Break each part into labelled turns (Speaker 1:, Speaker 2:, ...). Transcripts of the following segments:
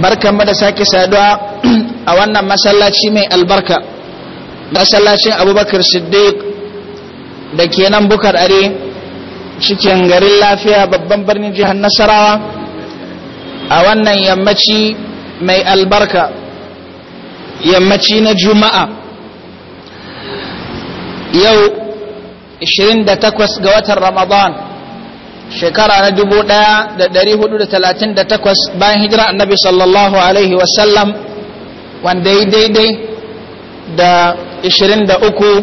Speaker 1: barkan da sake saduwa a wannan masallaci mai albarka masallacin abubakar siddiq da ke nan bukar are cikin garin lafiya babban birnin jihar nasarawa a wannan yammaci mai albarka yammaci na juma'a yau 28 ga watan ramadan shekara na takwas bayan hijira annabi sallallahu alaihi wasallam wanda ya daidai da uku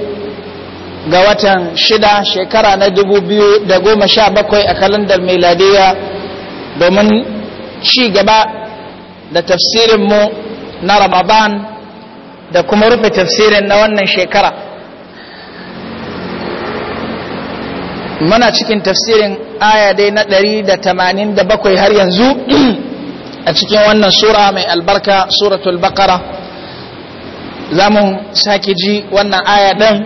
Speaker 1: ga watan shida shekara na da goma sha bakwai a kalandar meladiya domin ci gaba da tafsirinmu na ramadan da kuma rufe tafsirin na wannan shekara muna cikin tafsirin aya dai na 187 har yanzu a cikin wannan sura mai albarka suratul baqara za mu sake ji wannan aya ɗin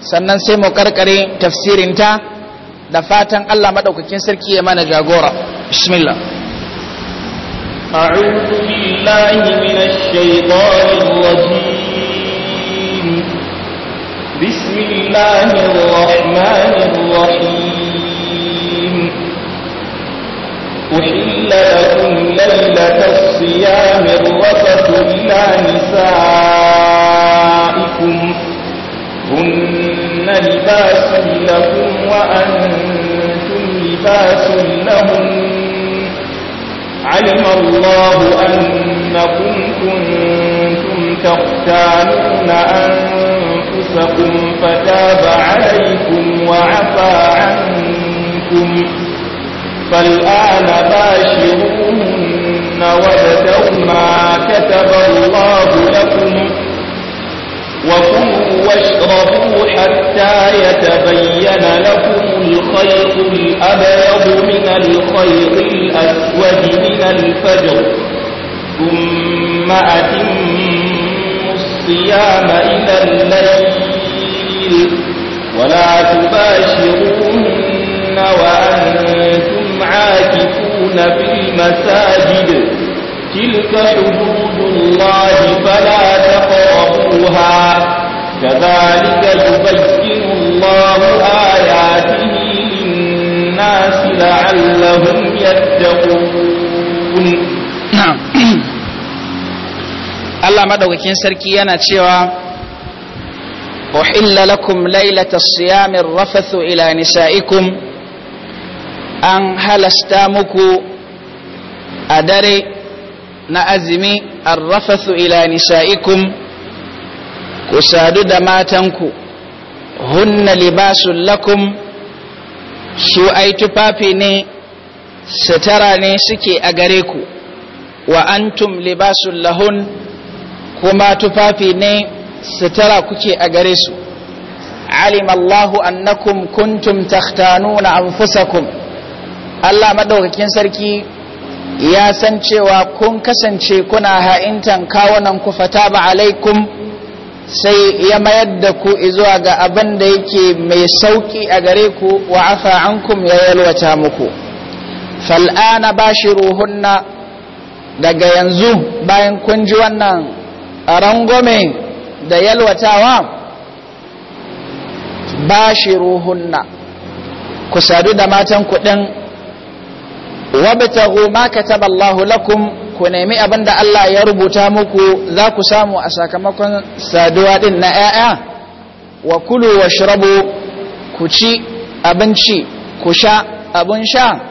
Speaker 1: sannan sai mu karkare tafsirinta da fatan Allah maɗaukakin sarki ya mana jagora bismillah
Speaker 2: أعوذ بالله من الشيطان الرجيم بسم الله الرحمن الرحيم أحل لكم ليلة الصيام الرفث إلى نسائكم هن لباس لكم وأنتم لباس لهم علم الله أنكم كنتم تختانون أنتم أنفسكم فتاب عليكم وعفى عنكم فالآن باشروهن وابتغوا ما كتب الله لكم وكلوا واشربوا حتى يتبين لكم الخيط الأبيض من الخيط الأسود من الفجر ثم أتم الصيام إلى الليل ولا تباشرون وأنتم عاكفون في المساجد تلك حدود الله فلا تقربوها كذلك يبين الله آياته للناس لعلهم
Speaker 1: يتقون نعم Allah maɗaukakin sarki yana cewa uhilla lakum lailata siyamin rafathu ila nisa'ikum an halasta muku a dare na azumi arrafathu ila nisa'ikum ku sadu da matanku hunna libasun lakum su ai tufafi ne sutura ne suke a gare ku wa antum libasun lahun kuma tufafi ne sutura kuke a gare su alimallahu annakum kuntum takhtanuna anfusakum Allah madaukakin sarki ya san cewa kun kasance kuna ha'intan kawunan ku fataba alaikum sai ya mayar da ku zuwa ga abin da yake mai sauki a gare ku wa afa ankum ya yalwata muku fal'ana bashiruhunna daga yanzu bayan kun ji wannan a rangwame da yalwatawa ba shi ruhunna ku sadu da matan kuɗin wabtahu ma taba Allahu lakum ku nemi abin da Allah ya rubuta muku za ku samu a sakamakon saduwa ɗin na ‘ya'ya wa kulu wa shirabu ku ci abinci ku sha abin sha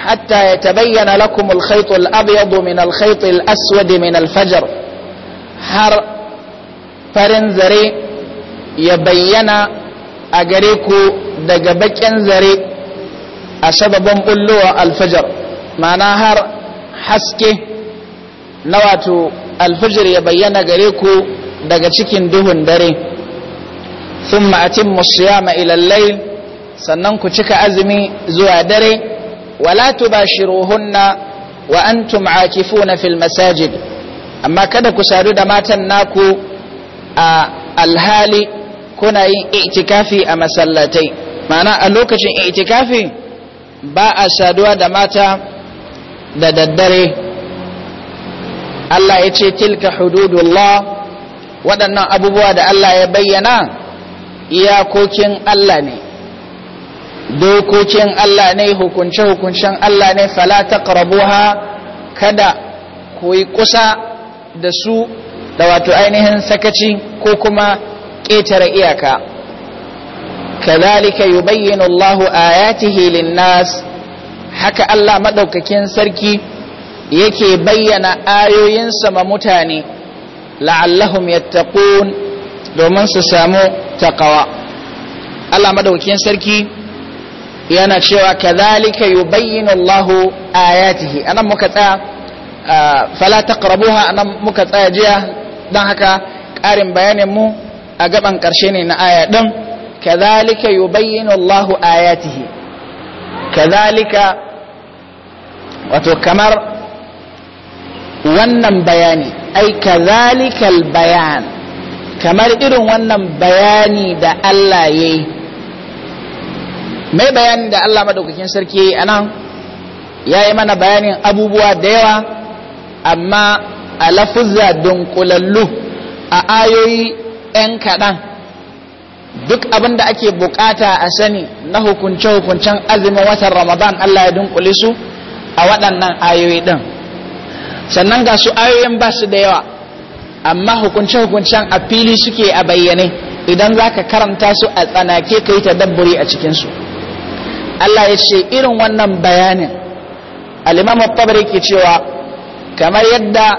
Speaker 1: حتى يتبين لكم الخيط الأبيض من الخيط الأسود من الفجر har farin zare ya bayyana a gare ku daga baƙin zare a sababin bullowa alfajar mana har haske na wato alfajar ya bayyana gare ku daga cikin duhun dare sun ma'atin musuyama ilallai sannan ku cika azumi zuwa dare wala tubashiruhunna wa antum akifuna fil masajid amma kada ku sadu da matan naku a alhali kuna yin itikafi a masallatai ma'ana a lokacin itikafi ba a saduwa da mata da daddare Allah ya ce tilka hududullah waɗannan abubuwa da Allah ya bayyana iyakokin Allah ne dokokin Allah ne hukunce-hukuncen Allah ne fala taqrabuha kada ku yi kusa da su da wato ainihin sakaci ko kuma ƙetare iyaka kazalika yubayyin Allahu ayatihi linnas haka Allah madaukakin sarki yake bayyana ayoyinsa ma mutane la'allahum yattaqun domin su samu taqwa Allah madaukakin sarki yana cewa kazalika yubayyin Allahu ayatihi anan muka tsaya fala taqrabuha nan muka tsaya jiya dan haka ƙarin bayanin mu a gaban ƙarshe ne na aya din kadhalika yubayyinu Allahu ayatihi kadhalika wato kamar wannan bayani ai kadhalikal bayan kamar irin wannan bayani da Allah yayi mai bayani da Allah madaukakin sarki yayi anan yayi mana bayanin abubuwa da yawa amma a lafuzza dunkulallu a ayoyi 'yan kaɗan duk abin da ake bukata a sani na hukunce-hukuncen azumin watan ramadan Allah ya dunkule su a waɗannan ayoyi ɗin sannan ga su ayoyin ba su da yawa amma hukunce-hukuncen a fili suke a bayyane idan za ka karanta su a tsanake ka yi dabburi a cikinsu Allah ya ce irin wannan bayanin al-imam tabari cewa kamar yadda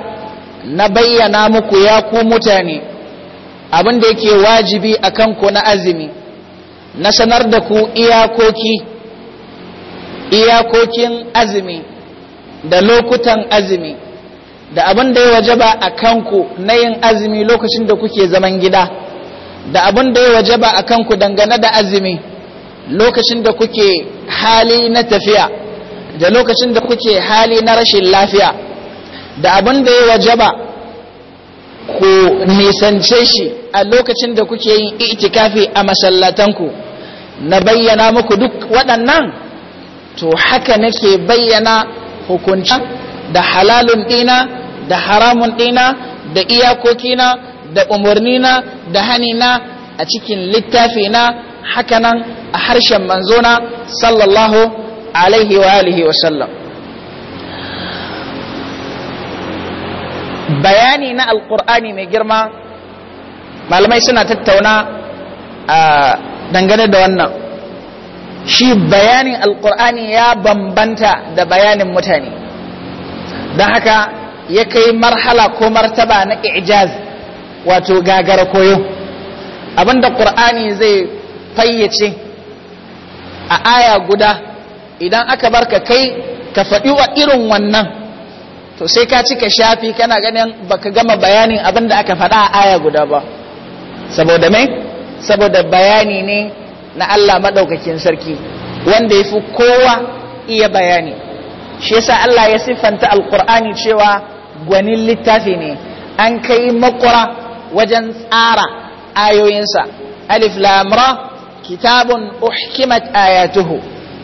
Speaker 1: na bayyana muku ya ku mutane abin da yake wajibi a kanku na azumi na sanar da ku iyakoki iyakokin azumi da lokutan azumi da abin da ya wajaba a kanku na yin azumi lokacin da kuke zaman gida da abin da ya wajaba a kanku dangane da azumi lokacin da kuke hali na tafiya da lokacin da kuke hali na rashin lafiya da abin da ya wajaba ku nisance shi a lokacin da kuke yin itikafi a masallatanku na bayyana muku duk waɗannan to haka nake bayyana hukunci da halalun ɗina da haramun ɗina da iyakokina da umarnina da hanina a cikin littafina hakanan a harshen manzona sallallahu alaihi wa alihi wa sallam bayani na alkur'ani mai girma malamai suna tattauna a dangane da wannan shi bayanin alkur'ani ya bambanta da bayanin mutane don haka ya kai marhala ko martaba na ijaz wato gagara koyo abinda ƙur'ani zai fayyace a aya guda idan aka barka kai ka faɗi wa irin wannan to sai ka cika shafi kana ganin baka gama bayanin abin da aka faɗa a aya guda ba saboda mai saboda bayani ne na Allah maɗaukakin sarki wanda ya fi kowa iya bayani shi yasa Allah ya siffanta alkur'ani cewa gwanin littafi ne an kai makura wajen tsara ayoyinsa alif lamra kitabun uhkimat ayatuhu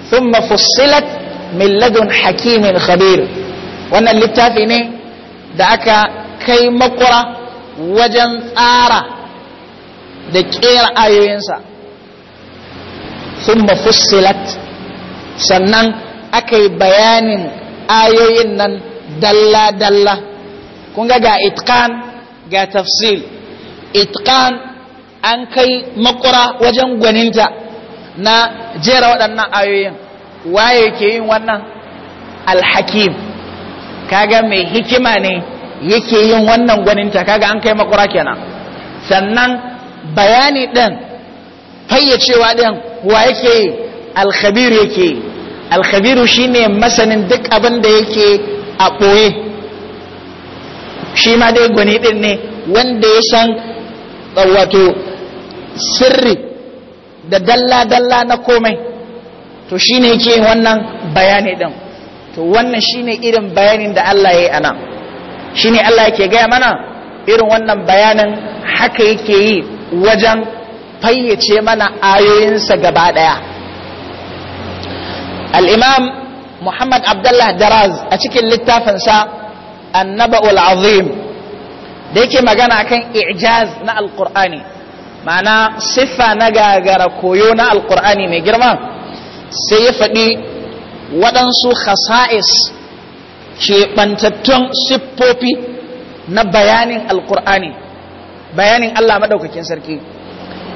Speaker 1: thumma fussilat min ladun hakimin khabir wannan littafi ne da aka kai makura wajen tsara da ƙera ayoyinsa sun mafussilat sannan aka yi bayanin ayoyin nan dalla-dalla kun ga ga itkan ga tafsil itkan an kai makura wajen gwaninta na jera waɗannan ayoyin waye ke yin wannan alhakim kaga mai hikima ne yake yin wannan gwaninta kaga an kai makura kenan sannan bayani ɗin fayyacewa ɗin wa yake alkhabiru yake alkhabiru shine masanin duk abin da yake a ɓoye shi ma dai gwani ɗin ne wanda ya san wato sirri da dalla-dalla na komai to shine yake wannan bayani ɗin to wannan shine irin bayanin da Allah ya yi a nan shine Allah yake gaya mana irin wannan bayanin haka yake yi wajen fayyace mana ayoyinsa gaba ɗaya al'imam muhammad abdullah daraz a cikin littafinsa annaba'ul azim da yake magana akan ijaz na alkur'ani ma'ana siffa na gagara koyo na alkur'ani mai girma sai ya faɗi waɗansu khasa'is keɓantattun siffofi na bayanin alkur'ani bayanin Allah maɗaukakin sarki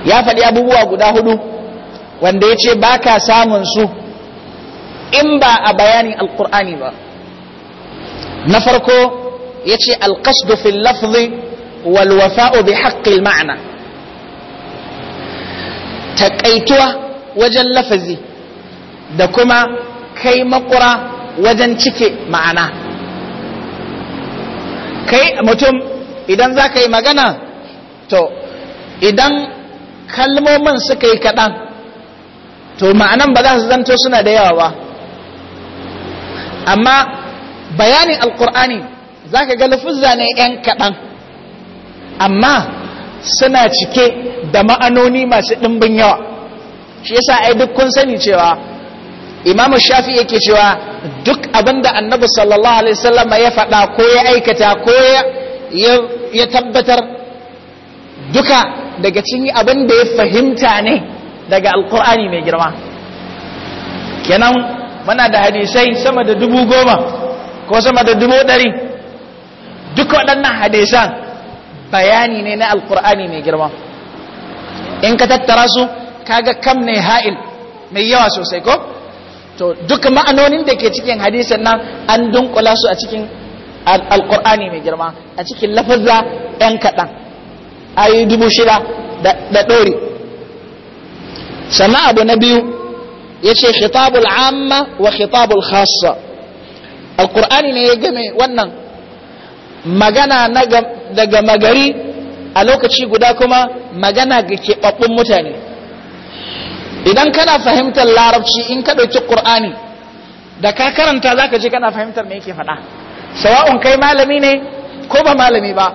Speaker 1: ya faɗi abubuwa guda hudu wanda ya ce ba ka samun su in ba a bayanin alkur'ani ba na farko ya ce alkasdu fil lafzi wal wafa'u bi haqqil ma'ana taƙaituwa wajen lafazi da kuma kai makura wajen cike ma'ana kai mutum idan za ka yi magana to idan kalmomin suka yi kaɗan to ma'anan ba za su zanto suna da yawa ba amma bayanin Alƙur'ani za ka ga lafuzza ne 'yan kaɗan amma suna cike da ma'anoni masu ɗimbin yawa shi yasa ai duk kun sani cewa imamu shafi yake cewa duk abinda annabi sallallahu alaihi wasallam ya faɗa ko ya aikata ko ya tabbatar duka daga cikin abin da ya fahimta ne daga alkur'ani mai girma kenan muna da hadisai sama da dubu goma ko sama da dubu ɗari duk waɗannan hadisan bayani ne na alkur'ani mai girma in ka tattara su kaga kam ne ha'il mai yawa sosai ko to duka ma'anonin da ke cikin hadisin nan an dunkula su a cikin alkur'ani mai girma a cikin lafazza ɗan kaɗan ayi dubu shida da ɗori sannan abu na biyu ya ce khitabul amma wa khitabul khassa alkur'ani ne ya game wannan magana daga magari a lokaci guda kuma magana ga keɓaɓɓun mutane idan kana fahimtar larabci in ka ɗauki ƙur'ani da ka karanta za ka je kana fahimtar me yake faɗa sawa'un kai malami ne ko ba malami ba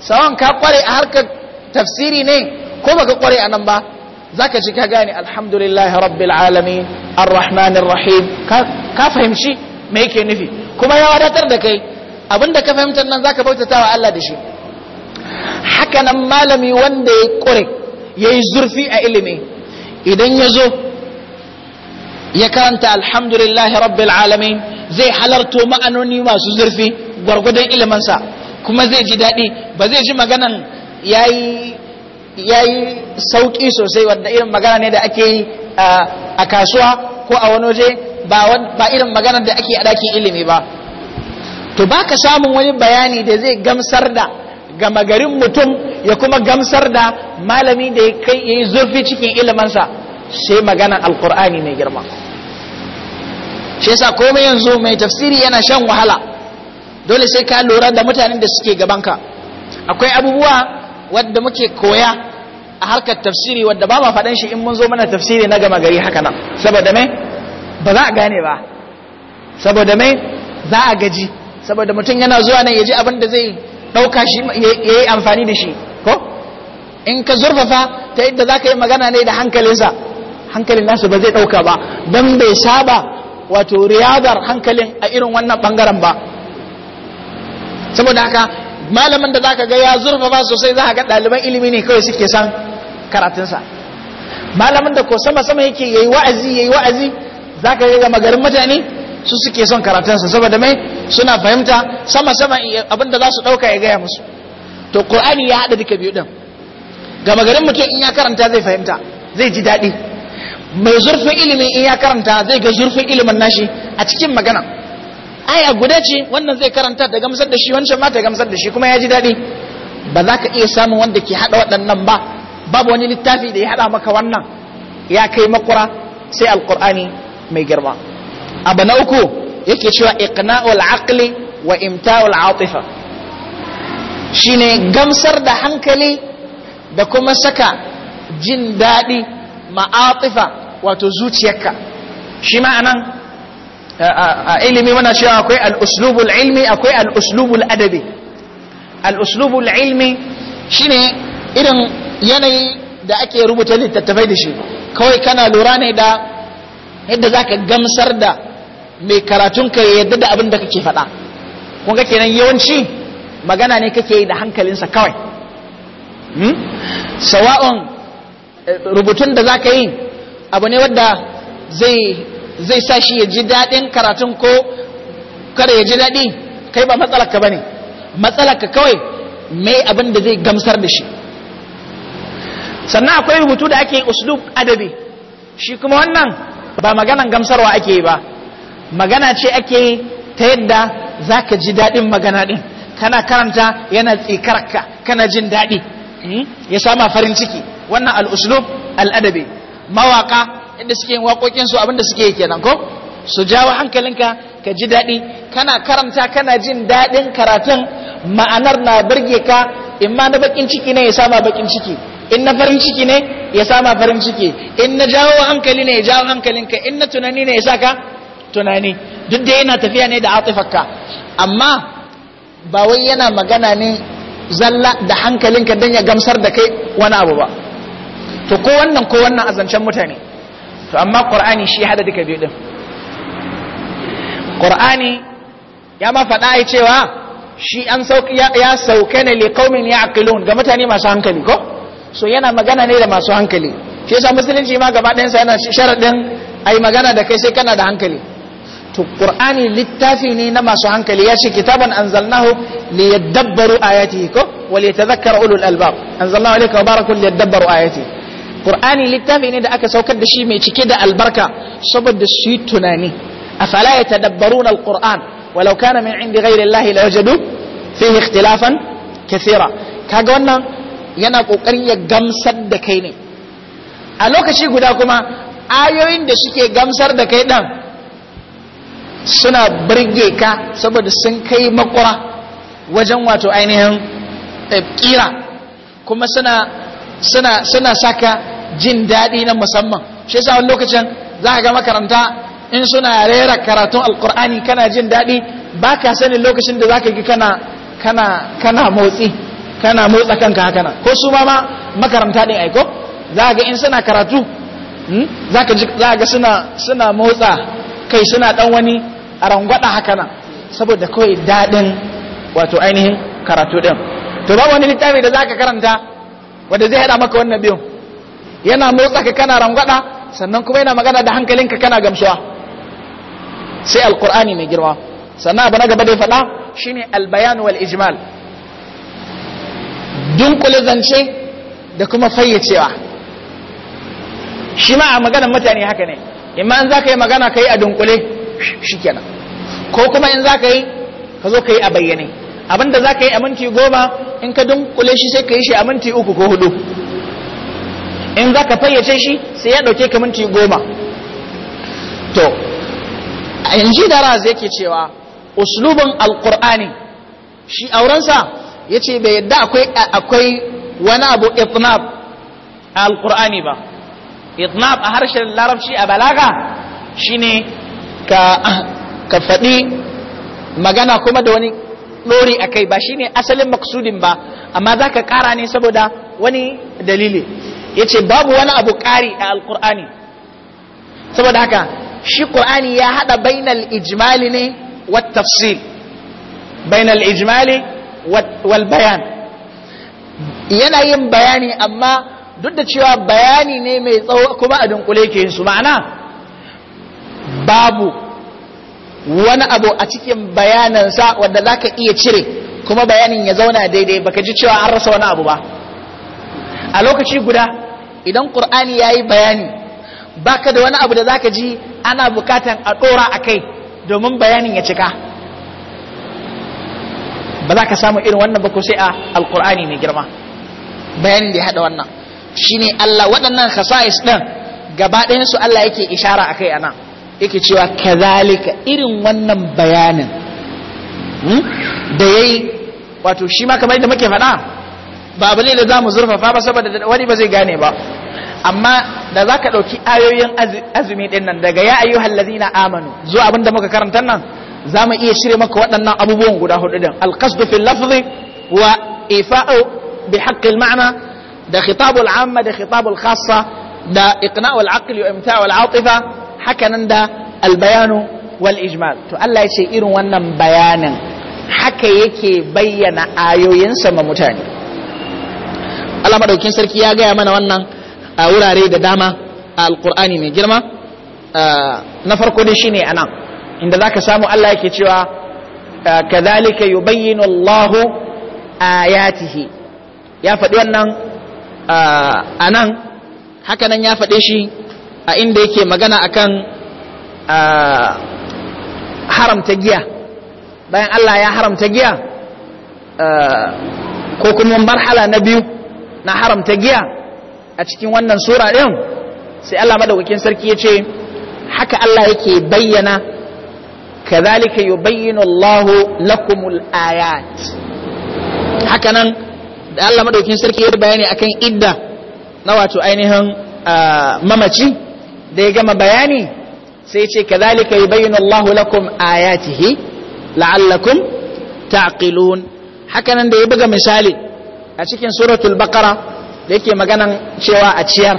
Speaker 1: sawa'un ka ƙware a harkar tafsiri ne ko ba ka ƙware a nan ba za ka je ka gane alhamdulillah rabbil alamin arrahmanir rahim ka fahimci me yake nufi kuma ya wadatar da kai abinda ka fahimtar nan za ka bautata wa Allah da shi haka nan malami wanda ya ƙure ya yi zurfi a ilimi idan ya zo ya karanta alhamdulillahi rabbil alamin zai halarto ma'anoni masu zurfi gwargwadon ilimansa kuma zai ji daɗi ba zai ji maganan yayi yayi sauki sosai wanda irin magana ne da ake yi a kasuwa ko a wani waje ba irin maganar da ake a ɗakin ilimi ba to baka samun wani bayani da zai gamsar da gama garin mutum ya kuma gamsar da malami da ya kai ya yi zurfi cikin ilimansa sai maganan alkur'ani mai girma shi yasa komai yanzu mai tafsiri yana shan wahala dole sai ka lura da mutanen da suke gabanka akwai abubuwa wadda muke koya a harkar tafsiri wadda ba ma faɗan shi in mun zo mana tafsiri na gama gari haka nan saboda mai ba za a gane ba saboda mai za a gaji saboda mutum yana zuwa nan ya ji abin da zai ɗauka shi ya yi amfani da shi ko in ka zurfafa ta yadda za ka yi magana ne da hankalinsa hankalin nasu ba zai ɗauka ba don bai saba wato riyadar hankalin a irin wannan ɓangaren ba saboda haka malamin da za ka ga ya zurfafa sosai za ka ga ɗaliban ilimi ne kawai suke san karatunsa malamin da ko sama sama yake yayi wa'azi yayi wa'azi za ka ga garin mutane su suke son karatunsa saboda mai suna fahimta sama sama abinda za su ɗauka ya gaya musu to qur'ani ya hada duka biyu ɗin gama garin mutum in ya karanta zai fahimta zai ji daɗi mai zurfin ilimin in ya karanta zai ga zurfin ilimin nashi a cikin magana aya guda ce wannan zai karanta ta gamsar da shi wancan ma ta gamsar da shi kuma ya ji daɗi ba za ka iya samun wanda ke haɗa waɗannan ba babu wani littafi da ya haɗa maka wannan ya kai makura sai alƙur'ani mai girma abu na uku yake cewa iqna'ul aqli wa imta'ul atifa shine gamsar da hankali da kuma saka jin daɗi ma'atifa wato zuciyarka shi ma'anan a ilimi mana shi akwai al'uslubul ilmi akwai al'uslubul adabi al'uslubul ilmi shine irin yanayi da ake rubuta littattafai da shi kawai kana lura ne da yadda za ka gamsar da mai karatun ka yadda da abin da kake faɗa kun kake nan yawanci magana ne kake yi da hankalinsa kawai hmm? sawa'un eh, rubutun da za ka yi abu ne wadda zai sa shi ya ji daɗin karatun ko kada ya ji daɗi kai ba matsalaka ba ne matsalaka kawai mai abin da zai gamsar da shi sannan akwai rubutu da ake uslub adabi shi kuma wannan ba maganan gamsarwa ake yi ba magana ce ake yi ta yadda za ka ji daɗin magana ɗin kana karanta yana tsikarka kana jin daɗi hmm? ya sama farin ciki wannan al'uslub al'adabi mawaka inda suke waƙoƙin su abinda suke yi kenan ko su jawo hankalinka ka ji daɗi kana karanta kana jin daɗin karatun ma'anar na birge ka in ma na bakin ciki ne ya sama bakin ciki in na farin ciki ne ya sama farin ciki in na jawo hankali ne ya jawo hankalinka in na tunani ne ya saka tunani duk da yana tafiya ne da atifarka amma ba wai yana magana ne zalla da hankalinka don ya gamsar da kai wani abu ba to ko wannan ko wannan azancen mutane to amma qur'ani shi hada duka biyu din qur'ani ya ma faɗa ya cewa shi an sauki ya sauke ne kaumin ya ya'qilun ga mutane masu hankali ko so yana magana ne da masu hankali shi yasa musulunci ma gaba ɗayan sa yana sharadin ai magana da kai sai kana da hankali to qur'ani littafi ne na masu hankali ya ce kitaban anzalnahu liyadabbaru ayatihi ko wa liyatadhakkara ulul albab anzalnahu alayka mubarakun liyadabbaru ayatihi qur'ani littafi ne da aka saukar da shi mai cike da albarka saboda su yi tunani afala yatadabbaruna alquran walau kana min indi ghairi allahi la yajadu fihi ikhtilafan kathira kaga wannan yana kokarin ya gamsar da kai ne a lokaci guda kuma ayoyin da suke gamsar da kai dan suna birge ka saboda sun kai makura wajen wato ainihin eh, kira kuma suna saka jin daɗi na musamman shi yasa wani lokacin za ga makaranta in suna rera karatun alkur'ani kana jin daɗi ba ka sani lokacin da za ka gi kana kana motsi kana motsa kanka haka na. ko su ma ma makaranta ɗin aiko za ga in suna karatu hmm, za ka ga suna suna motsa kai suna dan wani a rangwada haka nan saboda kawai daɗin wato ainihin karatu ɗin to ba wani littafi da zaka karanta wanda zai haɗa maka wannan biyun yana motsa ka kana rangwada sannan kuma yana magana da hankalinka kana gamsuwa sai alkur'ani mai girma sannan abu na gaba da ya faɗa shine albayan wal ijmal dunkule zance da kuma fayyacewa shi ma a maganar mutane haka ne imma an za ka yi magana ka yi a dunkule shikenan ko kuma in zaka yi ka zo ka yi a bayyane abinda ka yi a minti goma in ka dunkule shi sai ka yi shi a minti uku ko hudu in za ka fayyace shi sai ya dauke ka minti goma to yanzu da raz yake cewa uslubin Alƙur'ani shi aurensa ce bai yadda akwai wani abu itnab Alƙur'ani ba itnab a harshen larabci a balaga shine ka ka faɗi magana kuma da wani ɗori a kai ba shine asalin maksudin ba amma za ka ƙara ne saboda wani dalili ya ce babu wani abu ƙari a alƙur'ani saboda haka shi ƙur'ani ya haɗa bainal ijimali ne wat bainal ijimali wal bayan yana yin bayani amma duk da cewa bayani ne mai tsawo kuma a dunkule ke su ma'ana babu wani abu a cikin bayanansa wanda za ka iya cire kuma bayanin ya zauna daidai baka ji cewa an rasa wani abu ba a lokaci guda idan ƙur'ani ya yi bayani baka da wani abu da za ka ji ana bukatan a ɗora a kai domin bayanin ya cika ba za ka samu irin wannan ba ko sai a alƙur'ani mai girma bayanin da ya haɗa wannan shine Allah waɗannan khasa'is ɗin gaba ɗayan su Allah yake ishara akai kai a nan yake cewa kazalika irin wannan bayanin da yayi wato shi ma kamar yadda muke faɗa ba abu ne da zamu zurfafa ba saboda wani ba zai gane ba amma da zaka dauki ayoyin azumi din nan daga ya ayyuhal ladina amanu zuwa abinda muka karanta nan zamu iya shirye maka waɗannan abubuwan guda hudu din alqasd fil lafzi wa ifa'u bi haqqi al ma'na da khitabul amma da khitabul khassa da iqna'ul aql wa imta'ul atifa hakanan da albayanu wal ijmal to Allah ya ce irin wannan bayanin haka yake bayyana ayoyinsa ma mutane Allah madaukin sarki ya gaya mana wannan a wurare da dama a alkur'ani mai girma na farko dai shine anan inda zaka samu Allah yake cewa kadhalika yubayyinu Allahu ayatihi ya faɗi wannan anan haka nan ya faɗe shi a inda yake magana akan haramta giya bayan Allah ya haramta giya ko kuma marhala na biyu na haramta giya a cikin wannan sura din sai Allah madaukakin sarki ya ce haka Allah yake bayyana kazalika yubayyinu Allahu lakumul ayat haka nan da Allah madaukakin sarki ya bayani akan idda na wato ainihin mamaci da ya gama bayani sai ce kadhalika yubayyinu Allahu lakum ayatihi la'allakum taqilun hakanan da ya buga misali a cikin suratul baqara da yake maganan cewa a ciyar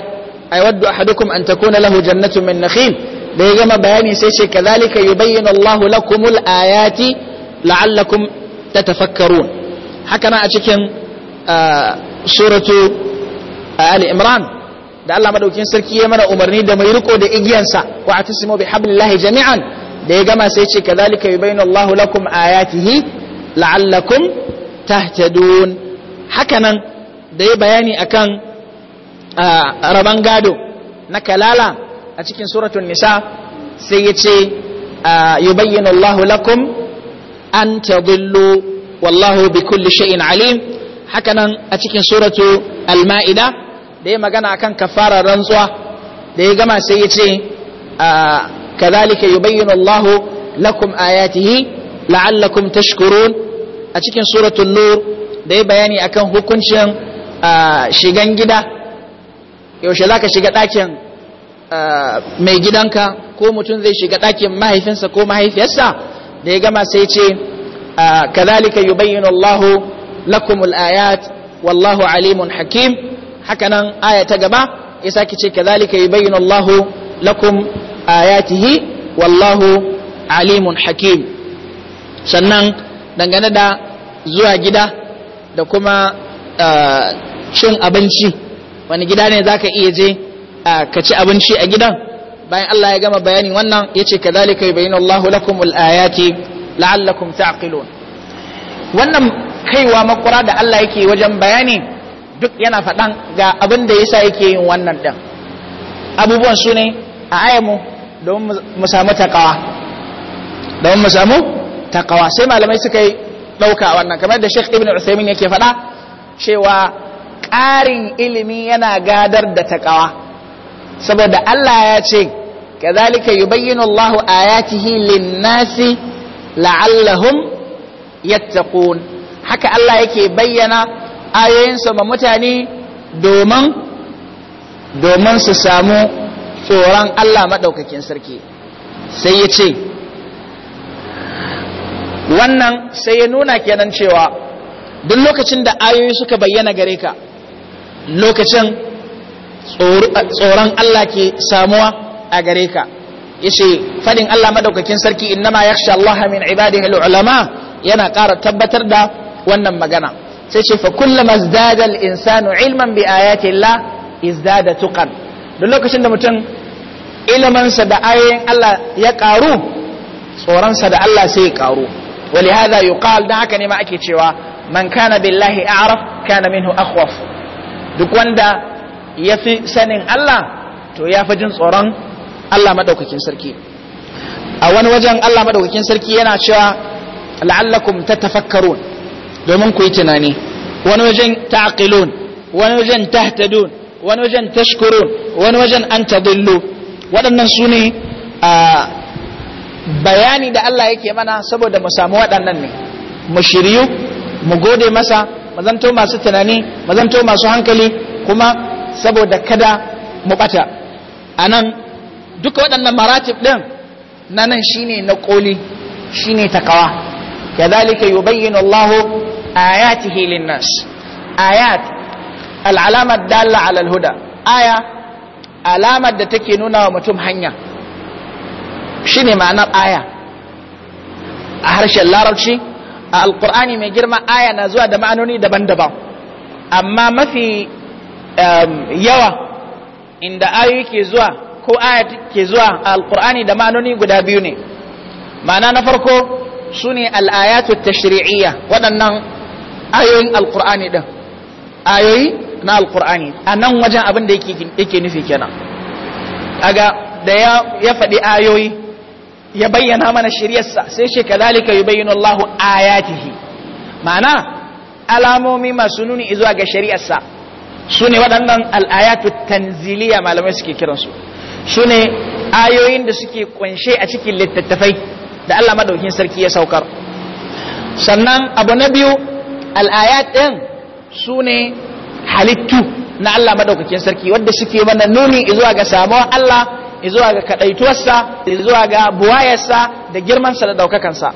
Speaker 1: ay waddu ahadukum an takuna lahu jannatu min nakhil da ya gama bayani sai ce yi yubayyinu Allahu lakumul ayati la'allakum tatafakkarun hakanan a cikin uh, suratu uh, ali imran da Allah madaukin sarki ya mana umarni da mai riko da igiyansa wa atasimu bi hablillahi jami'an da ya gama sai ce kadhalika yubayinu Allahu lakum ayatihi la'allakum tahtadun hakanan da ya bayani akan raban gado na kalala a cikin suratul nisa sai ya ce yubayinu Allahu lakum an tadillu wallahu bi kulli shay'in alim hakanan a cikin suratul al da ya magana akan kafarar rantsuwa da ya gama sai ya ce kadhalika yubayyinu Allahu lakum ayatihi la'allakum tashkurun a cikin suratul nur da ya bayani akan hukuncin shigan gida yaushe zaka shiga ɗakin mai gidanka ko mutum zai shiga ɗakin mahaifinsa ko mahaifiyarsa da ya gama sai ce kadhalika yubayyinu Allahu lakum al wallahu alimun hakim haka nan aya ta gaba ya sake ce kazalika yubayyinu Allahu lakum ayatihi wallahu alimun hakim sannan dangane da zuwa gida da kuma cin abinci wani gida ne zaka iya je ka ci abinci a gidan bayan Allah ya gama bayani wannan yace kazalika yubayyinu Allahu lakum alayati la'allakum ta'qilun wannan kaiwa makura da Allah yake wajen bayani duk yana faɗan ga abin da yasa yake yin wannan ɗin abubuwan su ne a ayyamu don mu samu takawa don mu samu takawa sai malamai suka yi ɗauka wannan kamar da sheikh ibn usaimin yake faɗa cewa ƙarin ilimi yana gadar da takawa saboda allah ya ce kazalika yubayyinu allahu ayatihi linnasi la'allahum yattaqun haka allah yake bayyana ayoyinsa ma mutane domin domin su samu tsoron Allah maɗaukakin sarki sai ya ce wannan sai ya nuna kenan cewa duk lokacin da ayoyi suka bayyana gare ka lokacin tsoron Allah ke samuwa a gare ka yace fadin Allah madaukakin sarki innama yakhsha Allah min ibadihi al-ulama yana ƙara tabbatar da wannan magana sai ce fa kullama zdada al-insanu ilman bi ayati Allah izdada tuqan duk lokacin da mutum ilman da ayoyin Allah ya karu tsoron sa da Allah sai ya karu ولهذا يقال da haka ne ma ake cewa man kana billahi a'raf kana minhu akhwaf duk wanda yafi sanin Allah to yafi jin tsoron Allah madaukakin sarki a wani wajen Allah madaukakin sarki yana cewa la'allakum tatafakkarun domin ku yi tunani wani wajen taqilun wani wajen tahtadun wani wajen tashkurun wani wajen an tadillu waɗannan su ne bayani da Allah yake mana saboda mu samu waɗannan ne mu shiryu mu gode masa mazanto masu tunani mazanto masu hankali kuma saboda kada mu bata a nan duka waɗannan maratib ɗin na nan shine na ƙoli shine takawa kadhalika yubayyinu Allahu ayatihi linnas ayat al'alamar dalla alal huda aya alamar da take nuna wa mutum hanya shine ma'anar aya a harshen larabci a alkur'ani mai girma aya na zuwa da ma'anoni daban-daban amma mafi yawa inda ayoyi ke zuwa ko aya ke zuwa a alkur'ani da ma'anoni guda biyu ne ma'ana na farko su ne al'ayatu tashri'iyya waɗannan ayoyin alkur'ani din ayoyi na alkur'ani a nan wajen abin da yake nufi kenan aga da ya faɗi ayoyi ya bayyana mana shiryarsa sai shi yi bayyana Allahu ayatihi ma'ana alamomi masu nuni zuwa ga shari'arsa su ne waɗannan al'ayatu tanziliya malamai suke kiransu su ne ayoyin da suke kunshe a cikin littattafai da Allah madaukin sarki ya saukar sannan abu na biyu al'ayat ɗin su ne halittu na Allah madaukakin sarki wadda suke mana nuni zuwa ga samuwar Allah zuwa ga kaɗaituwarsa zuwa ga buwayarsa da girmansa da ɗaukakansa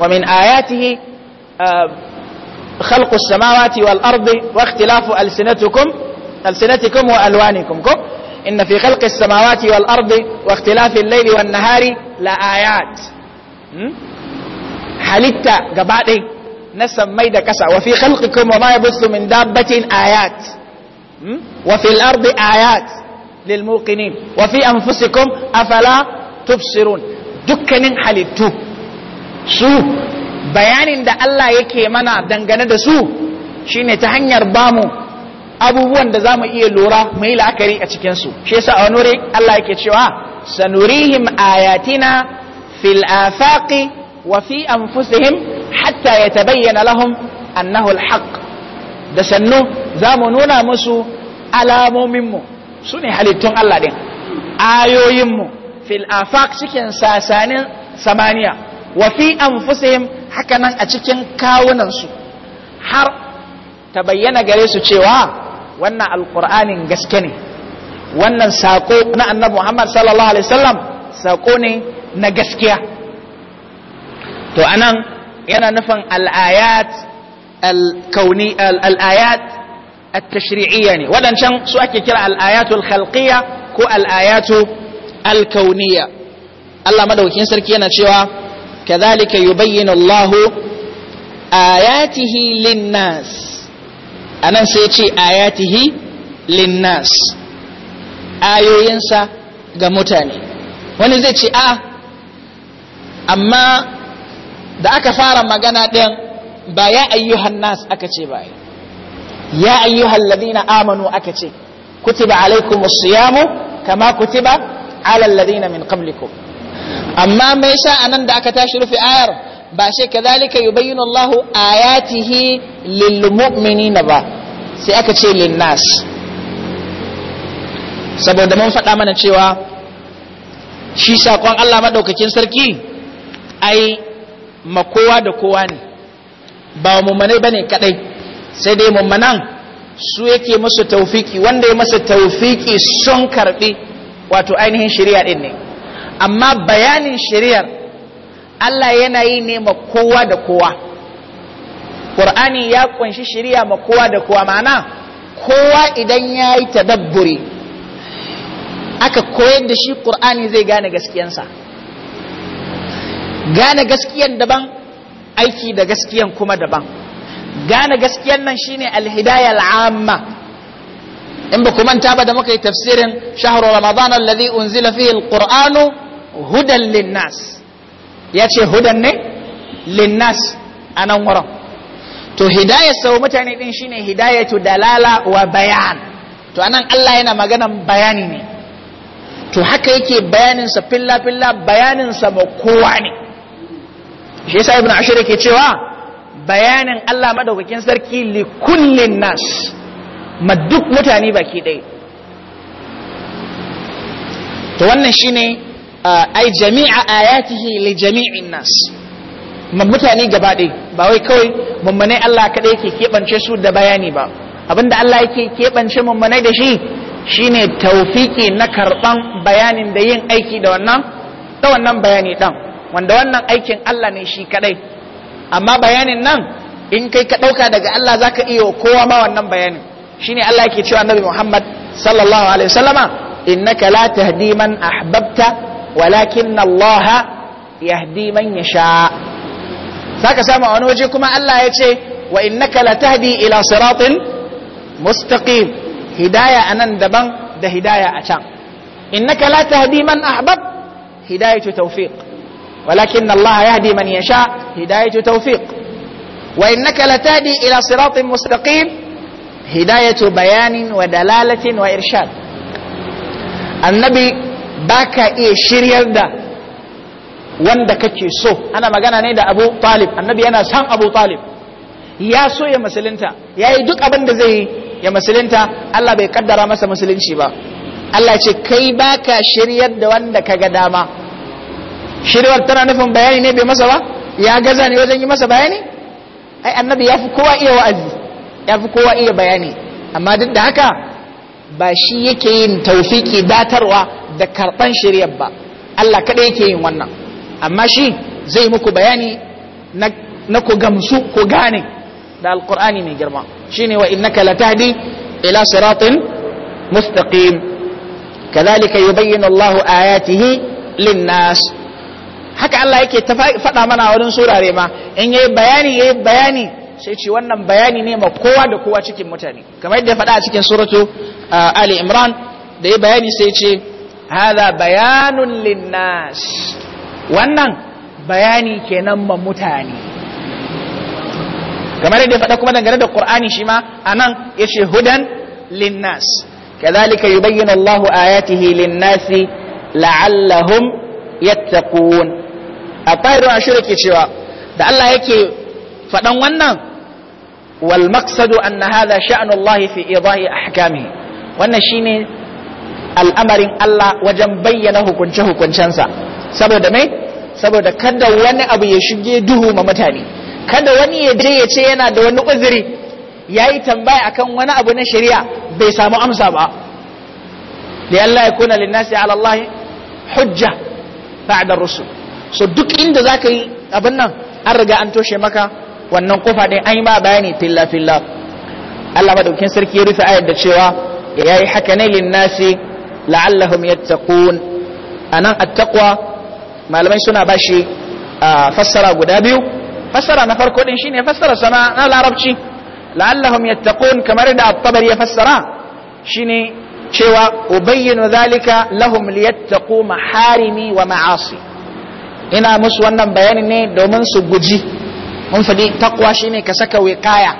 Speaker 1: wa min ayatihi خلق السماوات والأرض واختلاف ألسنتكم ألسنتكم وألوانكم إن في خلق السماوات والأرض واختلاف الليل والنهار لآيات halitta gaba na sammai da kasa wa fi khalqikum wa ma yabuthu min dabbatin ayat hmm? wa fil ardi ayat lil muqinin wa fi anfusikum afala tubsirun dukkanin halittu su bayanin da Allah yake mana dangane da su shine ta hanyar bamu abubuwan da zamu iya lura mu yi la'akari a cikin su shi yasa a wani Allah yake cewa sanurihim ayatina fil afaqi wa fi anfusihim hatta ya tabayyana lahum annahu alhaq da sannu za mu nuna musu alamominmu su ne halittun Allah ɗin ayoyinmu fil afaq cikin sasanin samaniya wa fi anfusihim haka nan a cikin kawunansu har ta bayyana gare su cewa wannan alƙur'anin gaske ne wannan saƙo na annabi Muhammad sallallahu alaihi wasallam saƙo ne na gaskiya to anan yana nufin al'ayat al al'ayat at ne waɗancan su ake kira al'ayatul khalqiyya ko al'ayatu al Allah maɗaukin sarki yana cewa kadhalika yubayyinu Allahu ayatihi lin-nas nan sai ya ce ayatihi lin-nas ayoyinsa ga mutane wani zai ce a ah, amma da aka fara magana ɗin ba ya ayyuhan nas aka ce ba ya ayyuhan ladina amanu aka ce kutiba alaikum siyamu kama kutiba ala ladina min qablikum amma mai sha anan da aka tashi rufe ayar ba shi kadhalika yubayyinu Allahu ayatihi lil mu'minina ba sai aka ce lin nas saboda mun faɗa mana cewa shi saƙon Allah maɗaukakin sarki ai ma kowa da kowa ne ba mummanai ne kadai sai dai mummanan su yake masu taufiki wanda ya masa taufiki sun karbi wato ainihin shari'a din ne amma bayanin shari'ar Allah yana yi ne ma kowa da kowa Qur'ani ya ƙunshi shari'a ma kowa da kowa ma'ana kowa idan ya yi dabburi aka koyar da shi ƙur'ani zai gane gaskiyansa gane gaskiyan daban aiki da gaskiyan kuma daban gane gaskiyan nan shine alhidaya al'amma in ba ku manta ba da muka yi tafsirin shahru ramadan alladhi unzila fihi alqur'anu hudan linnas yace hudan ne linnas anan wurin to hidayar sau mutane din shine hidayatu dalala wa bayan to anan Allah yana maganan bayani ne to haka yake bayanin sa filla filla bayanin sa ba kowa ne
Speaker 2: shi yasa ibn ashir yake cewa
Speaker 1: bayanin Allah madaukakin sarki li kullin nas ma duk mutane baki ɗaya to wannan shine uh, ai jami'a ayatihi li jami'in nas ma mutane gaba dai ba wai kawai mummunai Allah kaɗai yake kebance su da bayani ba abinda Allah yake kebance mummunai da shi shine tawfiki na karban bayanin da yin aiki da wannan da wannan bayani dan. wanda wannan aikin Allah ne shi kadai amma bayanin nan in kai ka dauka daga Allah zaka iya kowa ma wannan bayanin shine Allah yake cewa Annabi Muhammad sallallahu alaihi wasallama innaka la tahdi man ahbabta walakin Allah yahdi man yasha zaka samu a wani waje kuma Allah ya ce wa innaka la tahdi ila siratin mustaqim hidaya anan daban da hidaya a can innaka la tahdi man ahbab hidayatu tawfiq ولكن الله يهدي من يشاء هداية توفيق وإنك لتهدي إلى صراط مستقيم هداية بيان ودلالة وإرشاد النبي باكا إيه شرير ده wanda kake so ana magana ne da abu talib annabi yana san abu talib ya so ya musulunta ya yi duk abin da zai ya musulunta Allah bai ƙaddara masa musulunci ba Allah ce kai baka shiryar da wanda ga dama shirwar tana nufin bayani ne bai masa ba ya gaza ne wajen yi masa bayani ai annabi ya fi kowa iya wa'azi ya fi kowa iya bayani amma duk da haka ba shi yake yin taufiki datarwa da karɓan shiryar ba Allah kaɗai yake yin wannan amma shi zai muku bayani na ku gamsu ku gane da alƙur'ani mai girma shine wa innaka latahdi ila siratin mustaqim kadhalika yubayyinu Allahu ayatihi linnas haka Allah yake ta faɗa mana wurin surare ma in yayi bayani yayi bayani sai ce wannan bayani ne ma kowa da kowa cikin mutane kamar yadda ya faɗa a cikin suratu uh, Ali Imran da yayi bayani sai ce hadha bayanun linnas wannan bayani kenan ma mutane kamar yadda ya faɗa kuma dangane da Qur'ani shi ma anan yace hudan linnas kadhalika yubayyinu Allahu ayatihi lin la'allahum yattaqun a ƙwa'idu a ke cewa da Allah yake faɗan wannan wal maksadu anna na hada sha'anullahi fi idahi ahkami wannan shine al'amarin Allah wajen bayyana hukunce hukuncensa saboda mai saboda kada wani abu ya shige duhu ma mutane kada wani ya je ya ce yana da wani uzuri ya yi tambaya akan wani abu na shari'a bai samu amsa ba da Allah ya kuna linnasi ala Allah hujja ba'da rusul so duk inda za ka yi abin nan an riga an toshe maka wannan kofa ɗin an yi ma bayani filla filla Allah madaukin sarki ya rufe ayar da cewa ya yi haka ne linnasi la'allahum yattaqun anan attaqwa malamai suna bashi fassara guda biyu fassara na farko din shine fassara sana na larabci la'allahum yattaqun kamar da at-tabari ya fassara shine cewa ubayyinu zalika lahum liyattaqu maharimi wa ma'asi ina musu wannan bayanin ne domin su guji mun faɗi takwa shine ka saka wikaya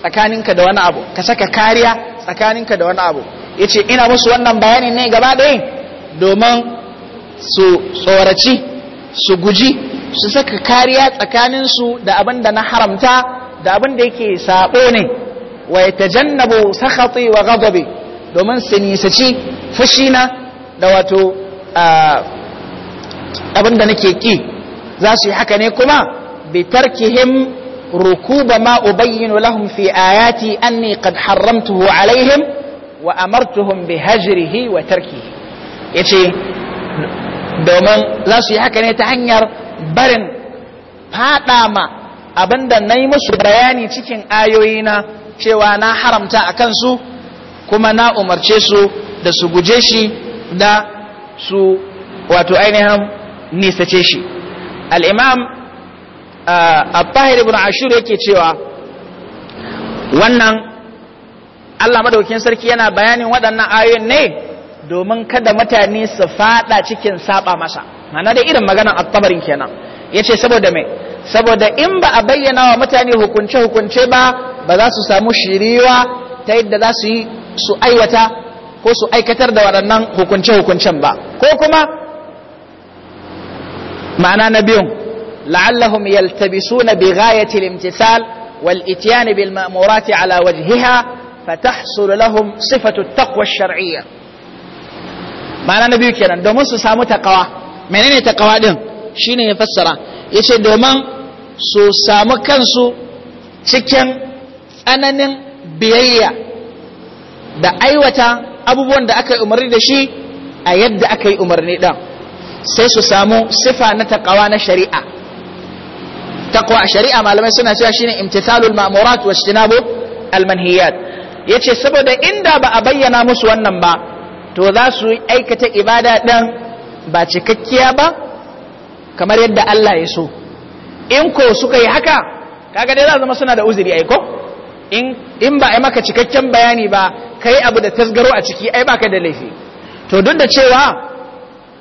Speaker 1: tsakaninka da wani abu ka saka kariya tsakaninka da wani abu yace ina musu wannan bayanin ne gaba ɗaya domin su tsoraci su guji su saka kariya tsakaninsu da abin da na haramta da abin da yake saɓo ne wa yatajannabu sakhati wa ghadabi domin su nisaci fushina da wato ah, abinda nake ki za su yi haka ne kuma bi tarkihim rukuba ma ubayyinu lahum fi ayati anni qad harramtuhu alaihim wa amartuhum bi hajrihi wa tarkihi yace domin za su yi haka ne ta hanyar barin fada ma abinda na yi musu bayani cikin ayoyina cewa na haramta a kansu kuma na umarce su da su guje shi da su wato ainihin nisace shi al'imam uh, abbahir ibn Ashiru yake cewa wannan allah madaukin sarki yana bayanin waɗannan ayoyin ne domin kada mutane su fada cikin saba masa mana da irin maganar attabarin kenan yace saboda me saboda in ba a bayyana wa mutane hukunce hukunce ba ba za su samu shiriwa ta yadda za su yi su aiwata ko su aikatar da waɗannan hukunce hukuncen ba ko kuma ma'ana na biyun la'allahum yaltabisuna bi ghayati imtithal wal ityan bil ma'murati ala wajhiha fatahsul lahum sifatu at-taqwa shariyya ma'ana na biyu kenan domin su samu taqwa menene taqwa din shine ya fassara yace domin su samu kansu cikin tsananin biyayya da aiwata abubuwan da aka yi umarni da shi a yadda aka yi umarni ɗan sai su samu sifa na taqwa na shari'a taqwa a shari'a malamai suna cewa shine imtithalul ma'murat wa istinabu al manhiyat yace saboda inda ba a bayyana musu wannan ba to za su aikata ibada dan ba cikakkiya ba kamar yadda Allah ya so in ko suka yi haka kaga dai za zama suna da uzuri ai ko in ba a maka cikakken bayani ba kai abu da tasgaro a ciki ai baka da laifi to duk da cewa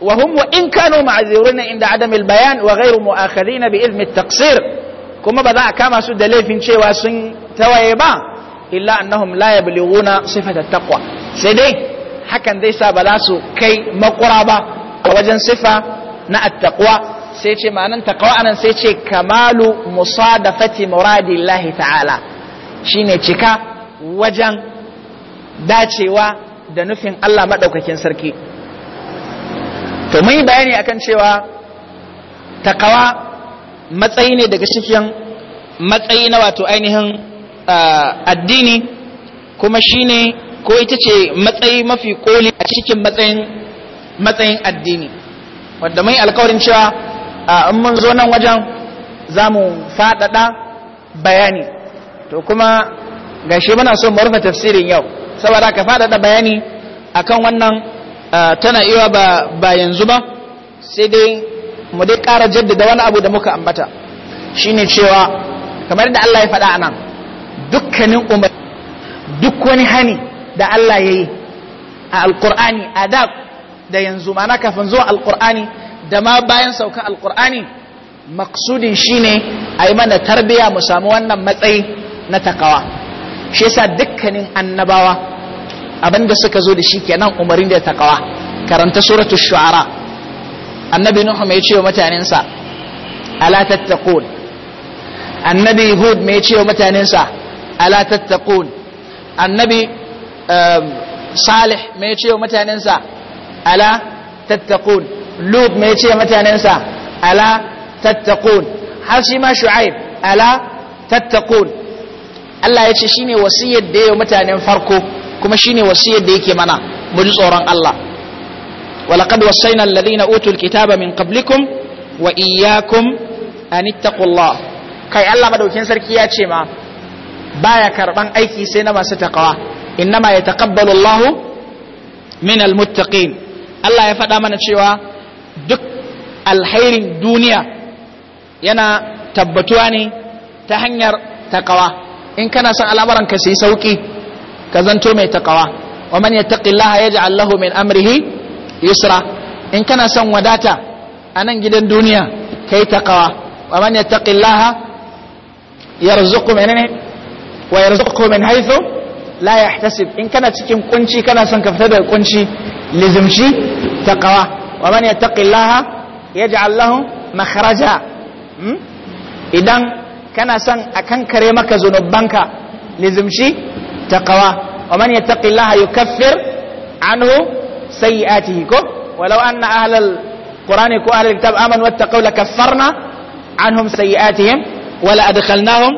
Speaker 1: وهم وإن كانوا معذورين عند عدم البيان وغير مؤاخذين بإذن التقصير كما بدا كما سد ليفين شيوا سن تويبا إلا أنهم لا يبلغون صفة التقوى سيدي حكا دي سابلاسو كي مقرابا وجن صفة نا التقوى سيتي معنى تقوى أنا سيتي كمال مصادفة مراد الله تعالى شيني تشيكا وجن داتشيوا da nufin Allah maɗaukakin sarki to mun yi bayani akan cewa takawa matsayi ne daga cikin matsayi na wato ainihin addini kuma shine ko ita ce matsayi mafi koli a cikin matsayin matsayin addini wadda mun yi alkawarin cewa in mun zo nan wajen za mu faɗaɗa bayani to kuma gashi muna so mu rufe tafsirin yau saboda ka faɗaɗa bayani akan wannan tana iya ba yanzu ba sai dai mu dai ƙara jaddada wani abu da muka ambata shine cewa kamar da Allah ya faɗa a nan dukkanin umar duk wani hani da Allah ya yi a alƙur'ani a da da yanzu ma na kafin zuwa alƙur'ani da ma bayan sauka alƙur'ani maksudin shi ne a yi mana tarbiyya mu samu wannan matsayi na takawa shi yasa dukkanin annabawa abinda suka zo da shi kenan umarin da taqwa karanta suratul shu'ara annabi nuhu mai ce wa mutanensa ala tattaqun annabi hud mai ce wa mutanensa ala tattaqun annabi um, salih mai ce wa mutanensa ala tattaqun lut mai ce wa mutanensa ala tattaqun har shi ma shu'aib ala tattaqun Allah ya ce shine wasiyar da ya mutanen farko kuma shine wasiyar da yake mana mu ji tsoron Allah walaqad wasayna alladhina utul kitaba min qablikum wa iyyakum an ittaqullah kai Allah madaukin sarki ya ce ma baya karban aiki sai na masu taqwa innama yataqabbalu Allahu min almuttaqin Allah ya faɗa mana cewa duk alhairin duniya yana tabbatuwa ne ta hanyar taqwa in kana son al'amuran ka sai sauki ka zanto mai taqwa wa man ya ya yaj'al lahu min amrihi yusra in kana son wadata a nan gidan duniya ka kai taqwa wa man yattaqillaha yarzuqu menene wa yarzuqu min haythu la tasib in kana cikin kunci kana son ka fita daga kunci lizimci taqwa wa man ya ya yaj'al lahu makhraja hmm? idan kana son a kankare maka zunubanka lizimci taqawa wa man yattaqillaha yukaffir anhu sayyi'atihi ko walau anna ahlal qur'ani ko ahlul kitab amanu wattaqaw lakaffarna anhum sayyi'atihim wala adkhalnahum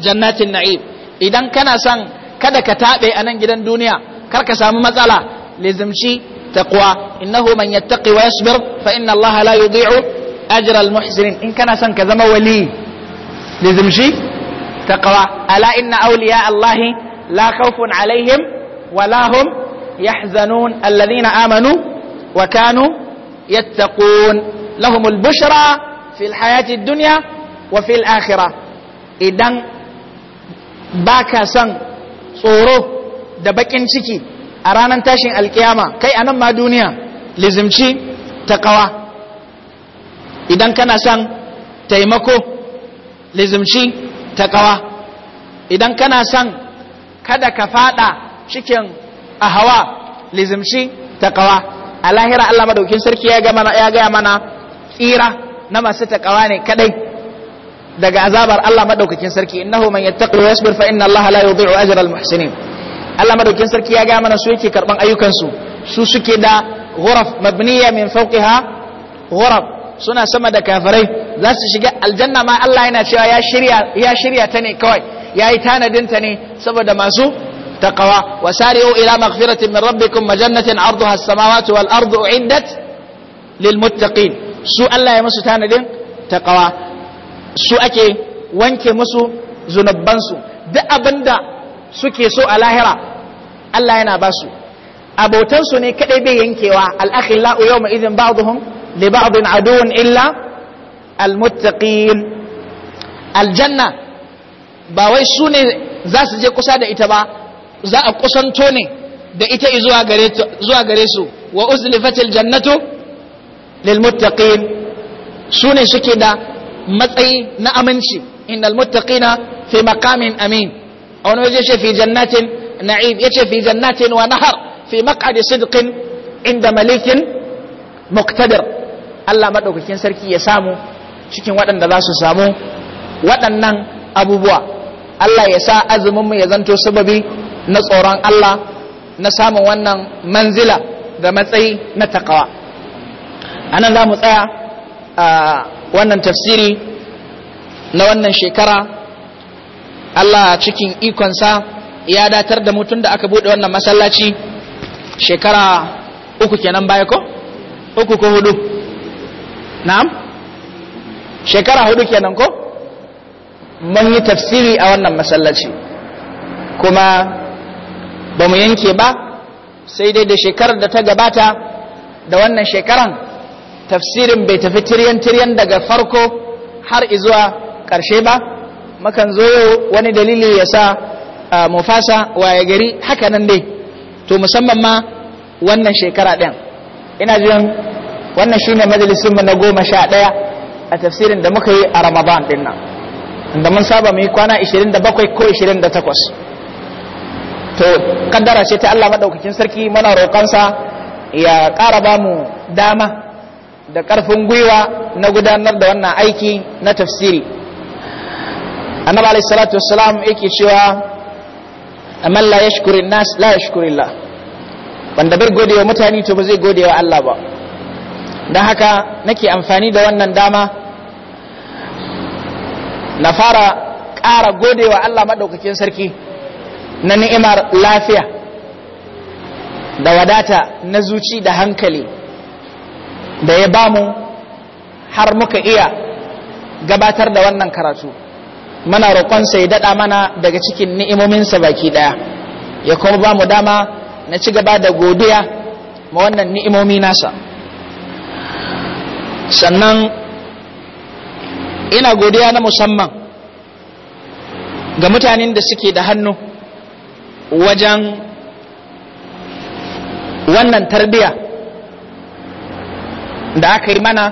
Speaker 1: jannatin na'im idan kana son kada ka tabe a nan gidan duniya kar ka samu matsala lizimci taqwa innahu man yattaqi wa yasbir fa inna allaha la yudhi'u ajra al muhsinin in kana son ka zama wali lizimci taqwa ala inna awliya allahi لا خوف عليهم ولا هم يحزنون الذين آمنوا وكانوا يتقون لهم البشرى في الحياة الدنيا وفي الآخرة إذن باكا سن tsoro da bakin ciki a ranar tashin alkiyama kai anan ma duniya lizimci ta kawa idan kana son taimako lizimci ta idan kana son kada ka fada cikin a hawa lizimci takawa a lahira Allah madaukin sarki ya gaya mana tsira na masu takawa ne kadai daga azabar Allah madaukakin sarki innahu man yattaqi wa yasbir fa inna Allah la yudhi'u ajra al muhsinin Allah madaukin sarki ya gaya mana su yake karban ayyukan su su suke da ghuraf mabniya min fawqiha ghuraf suna sama da kafirai za su shiga aljanna ma Allah yana cewa ya shirya ya shirya ta ne kawai yayi tanadinta ne saboda masu taqwa wa sari'u ila maghfiratin min rabbikum wa jannatin 'arduha as-samawati wal ardu u'iddat lil muttaqin su Allah ya musu tanadin taqwa su ake wanke musu zunubbansu duk abinda suke so a lahira Allah yana ba su abotansu ne kadai bai yankewa al-akhillau yawma idhin ba'dhum li ba'dhin adu'un illa al-muttaqin aljanna ba wai su ne za su je kusa da ita ba za a kusanto ne da ita zuwa gare su wa fatil jannatu lil su ne suke da matsayi na aminci innal muttaqina fi maqamin amin a wani waje shi fi jannatin na'im yace fi jannatin wa nahar fi maqad sidqin inda malikin muqtadir Allah madaukakin sarki ya samu cikin waɗanda za su samu waɗannan abubuwa Allah ya sa azumin mu ya zanto sababi na tsoron Allah na samun wannan manzila da matsayi na takawa a nan za mu tsaya a wannan tafsiri na wannan shekara Allah cikin ikonsa ya datar da mutum da aka buɗe wannan masallaci shekara uku kenan baya ko? uku ko hudu na'am shekara hudu kenan ko? mun yi tafsiri a wannan masallaci kuma ba mu yanke ba sai dai da shekarar da ta gabata da wannan shekaran tafsirin bai tafi tiryan-tiryan daga farko har izuwa ƙarshe ba makan zo wani dalili ya sa mufasa waye gari haka nan dai to musamman ma wannan shekara ɗin ina jin wannan shi ne majalisunmu na goma sha ɗaya a tafsirin da muka yi a ramadan ɗin nan da mun saba mu yi kwana 27 ko 28 to kaddara ce ta Allah madaukakin sarki muna roƙonsa ya ƙara ba mu dama da ƙarfin gwiwa na gudanar da wannan aiki na tafsiri annabi alayhi salatu wassalam yake cewa amman la yashkuru nas la Allah wanda bai gode wa mutane to ba zai gode wa Allah ba dan haka nake amfani da wannan dama na fara ƙara godewa Allah maɗaukakin sarki na ni'imar lafiya da wadata na zuci da hankali da ya bamu har muka iya gabatar da wannan karatu muna roƙonsa ya daɗa mana daga cikin ni'imominsa baki ɗaya ya kuma ba mu dama na ci gaba da godiya ma wannan ni'imomi nasa sannan ina godiya na musamman ga mutanen da suke da hannu wajen wannan tarbiya da aka yi mana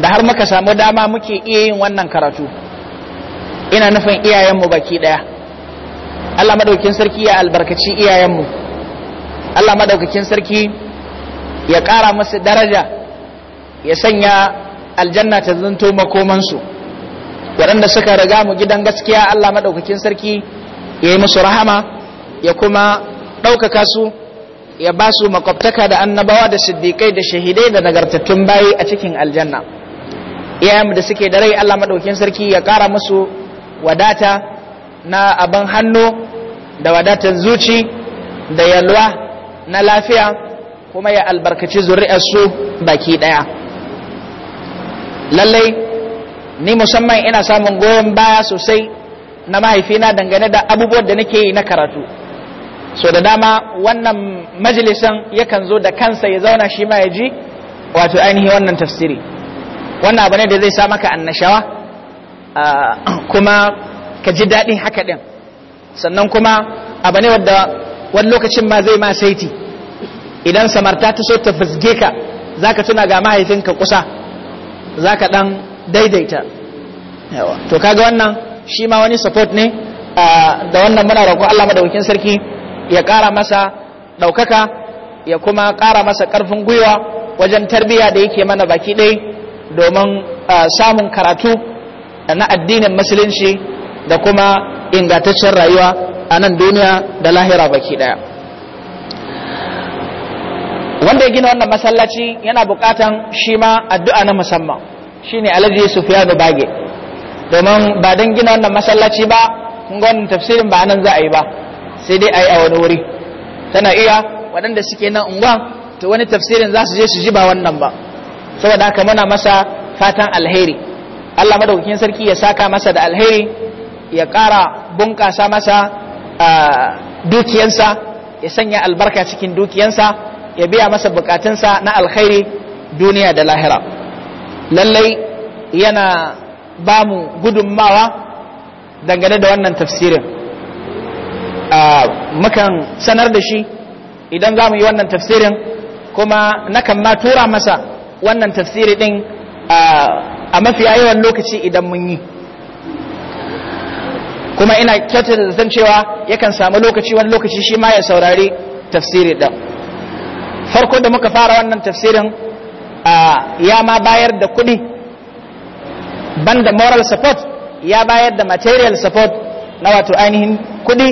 Speaker 1: da har muka samu dama muke iya yin wannan karatu ina nufin iyayenmu baki daya Allah madaukakin sarki ya albarkaci iyayenmu Allah madaukakin sarki ya ƙara musu daraja ya sanya aljanna ta zanto makomansu waɗanda suka riga mu gidan gaskiya Allah maɗaukakin sarki ya yi musu rahama ya kuma ɗaukaka su ya ba su makwabtaka da annabawa da siddiƙai da shahidai da nagartattun bayi a cikin aljanna iyayenmu da suke da rai Allah maɗaukakin sarki ya ƙara musu wadata na abin hannu da wadatar zuci da yalwa na lafiya kuma ya albarkaci zuri'ar su baki ɗaya lallai ni musamman ina samun goyon baya sosai na mahaifina dangane da abubuwan da nake yi na karatu so da dama wannan majalisan yakan zo da kansa ya zauna shi ma ya ji wato ainihi wannan tafsiri wannan abu ne da zai sa maka annashawa ah, kuma ka ji daɗin haka ɗin sannan kuma abu ne wadda wani lokacin ma zai ma saiti idan samarta ta so ta fizge ka za ka tuna ga mahaifinka kusa za ka ɗan daidaita yawa to kaga wannan shi ma wani support ne da wannan muna roƙon Allah madaukakin sarki ya ƙara masa ɗaukaka ya kuma ƙara masa ƙarfin gwiwa wajen tarbiyya da yake mana baki ɗai domin samun karatu na addinin musulunci da kuma ingantaccen rayuwa a nan duniya da lahira baki ɗaya wanda ya gina wannan masallaci yana bukatan shi ma addu'a na musamman shine alhaji sufyanu bage domin ba don gina wannan masallaci ba kun ga wannan tafsirin ba nan za a yi ba sai dai ayi yi a wani wuri tana iya waɗanda suke nan unguwan to wani tafsirin za su je su ji ba wannan ba saboda haka muna masa fatan alheri Allah madaukakin sarki ya saka masa da alheri ya ƙara bunƙasa masa ah, dukiyansa ya sanya albarka cikin dukiyansa ya biya masa bukatunsa na alkhairi duniya da lahira lallai yana ba mu gudunmawa dangane da wannan tafsirin mukan sanar da shi idan za mu yi wannan tafsirin kuma nakan ma tura masa wannan tafsiri din a mafi yawan lokaci idan mun yi kuma ina kyautata zancewa cewa yakan samu lokaci wani lokaci shi ma ya saurari tafsiri din farko da muka fara wannan tafsirin ya ma bayar da kuɗi banda moral support ya bayar da material support na wato ainihin kuɗi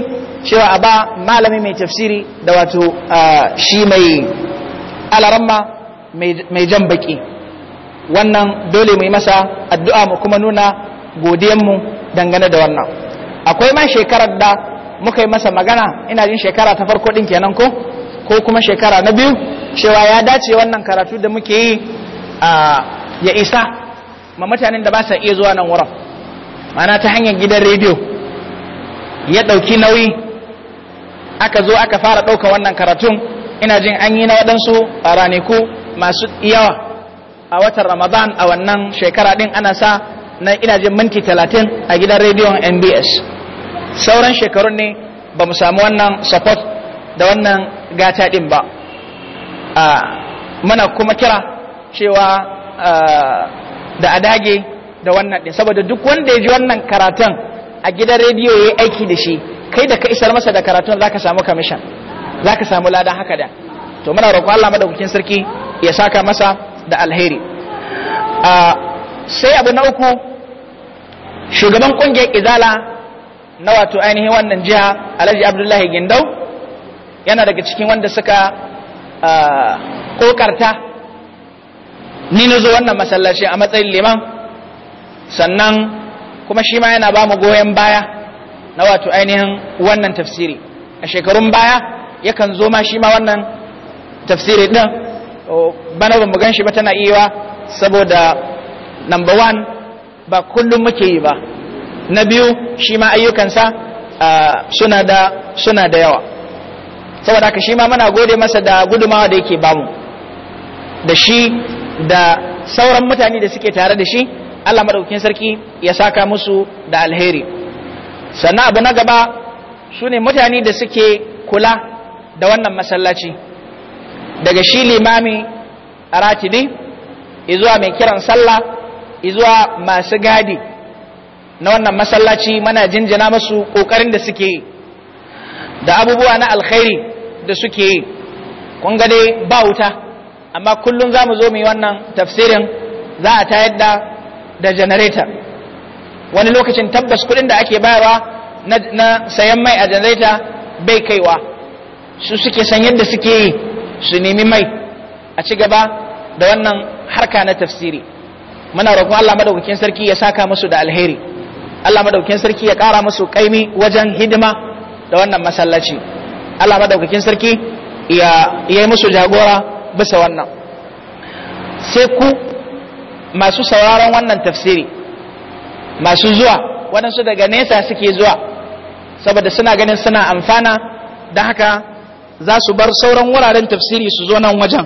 Speaker 1: cewa a ba malami mai tafsiri da wato shi mai alaramma mai jan baki wannan dole mu yi masa addu'a mu kuma nuna godiyanmu dangane da wannan akwai ma shekarar da muka yi masa magana ina jin shekara ta farko ɗin kenan ko ko kuma shekara na biyu cewa ya dace wannan karatu da muke yi ya isa ma mutanen da ba sa iya zuwa nan wurin mana ta hanyar gidan rediyo ya ɗauki nauyi aka zo aka fara ɗauka wannan karatun ina jin an yi na waɗansu ranaku masu yawa a watan ramadan a wannan shekara ɗin ana sa na ina jin minti talatin a gidan rediyon mbs sauran shekarun ne ba mu samu wannan support da wannan gata din ba mana kuma kira cewa da adage da wannan din saboda duk wanda ya ji wannan karatun a gidan rediyo ya yi aiki da shi kai da ka isar masa da karatun za ka samu kamishan za ka samu ladan haka da to muna roƙo Allah madaukakin sarki ya saka masa da alheri sai abu na uku shugaban ƙungiyar izala na wato ainihin wannan jiha alhaji abdullahi gindau yana daga cikin wanda suka ah, kokarta ni na zo wannan masallaci a matsayin liman sannan kuma shi ma yana ba mu goyon baya na wato ainihin wannan tafsiri a shekarun baya yakan zo ma shi ma wannan tafsiri ɗin bana mu gan shi ba tana iya saboda number one ba kullum muke yi ba na biyu shi ma ayyukansa ah, suna da yawa saboda haka shi ma muna gode masa da gudumawa da yake bamu da shi da sauran mutane da suke tare da shi Allah madaukakin sarki ya saka musu da alheri sannan abu na gaba su mutane da suke kula da wannan masallaci daga shi limami aratidi izuwa mai kiran sallah izuwa masu gadi na wannan masallaci muna jinjina musu kokarin da suke yi da abubuwa na alkhairi da suke yi kun ga dai ba wuta amma kullum zamu zo mu yi wannan tafsirin za a tayar da da janareta wani lokacin tabbas kudin da ake bayarwa na sayan mai a janareta bai kaiwa su suke san yadda suke yi su nemi mai a ci gaba da wannan harka na tafsiri muna roƙon Allah madaukakin sarki ya saka musu da alheri Allah madaukakin sarki ya ƙara musu kaimi wajen hidima da wannan masallaci Allah madaukakin sarki ya yi musu jagora bisa wannan sai ku masu sauraron wannan tafsiri masu zuwa waɗansu daga nesa suke zuwa saboda suna ganin suna amfana da haka za su bar sauran wuraren tafsiri su zo nan wajen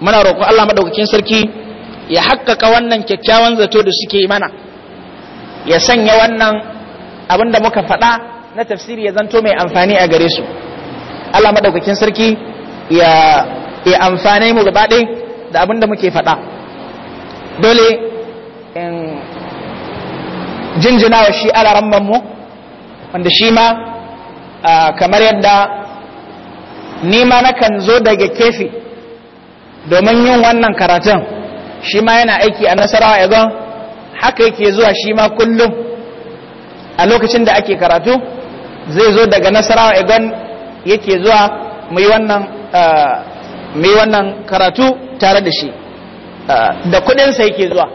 Speaker 1: muna roƙo Allah madaukakin sarki ya haƙƙaƙa wannan kyakkyawan zato da suke mana ya sanya wannan abin da muka faɗa na tafsiri ya zanto mai amfani a gare su Allah madaukakin sarki ya ya amfane mu gaba ɗaya da abin da muke faɗa dole in jinjina wa shi alaramman mu wanda shi ma kamar yadda ni na nakan zo daga kefi domin yin wannan karatun shi ma yana aiki a nasarawa ya haka yake zuwa shi ma kullum a lokacin da ake karatu zai zo daga nasarawa idan yake zuwa mai wannan uh, mai wannan karatu tare da shi uh, da kudinsa yake zuwa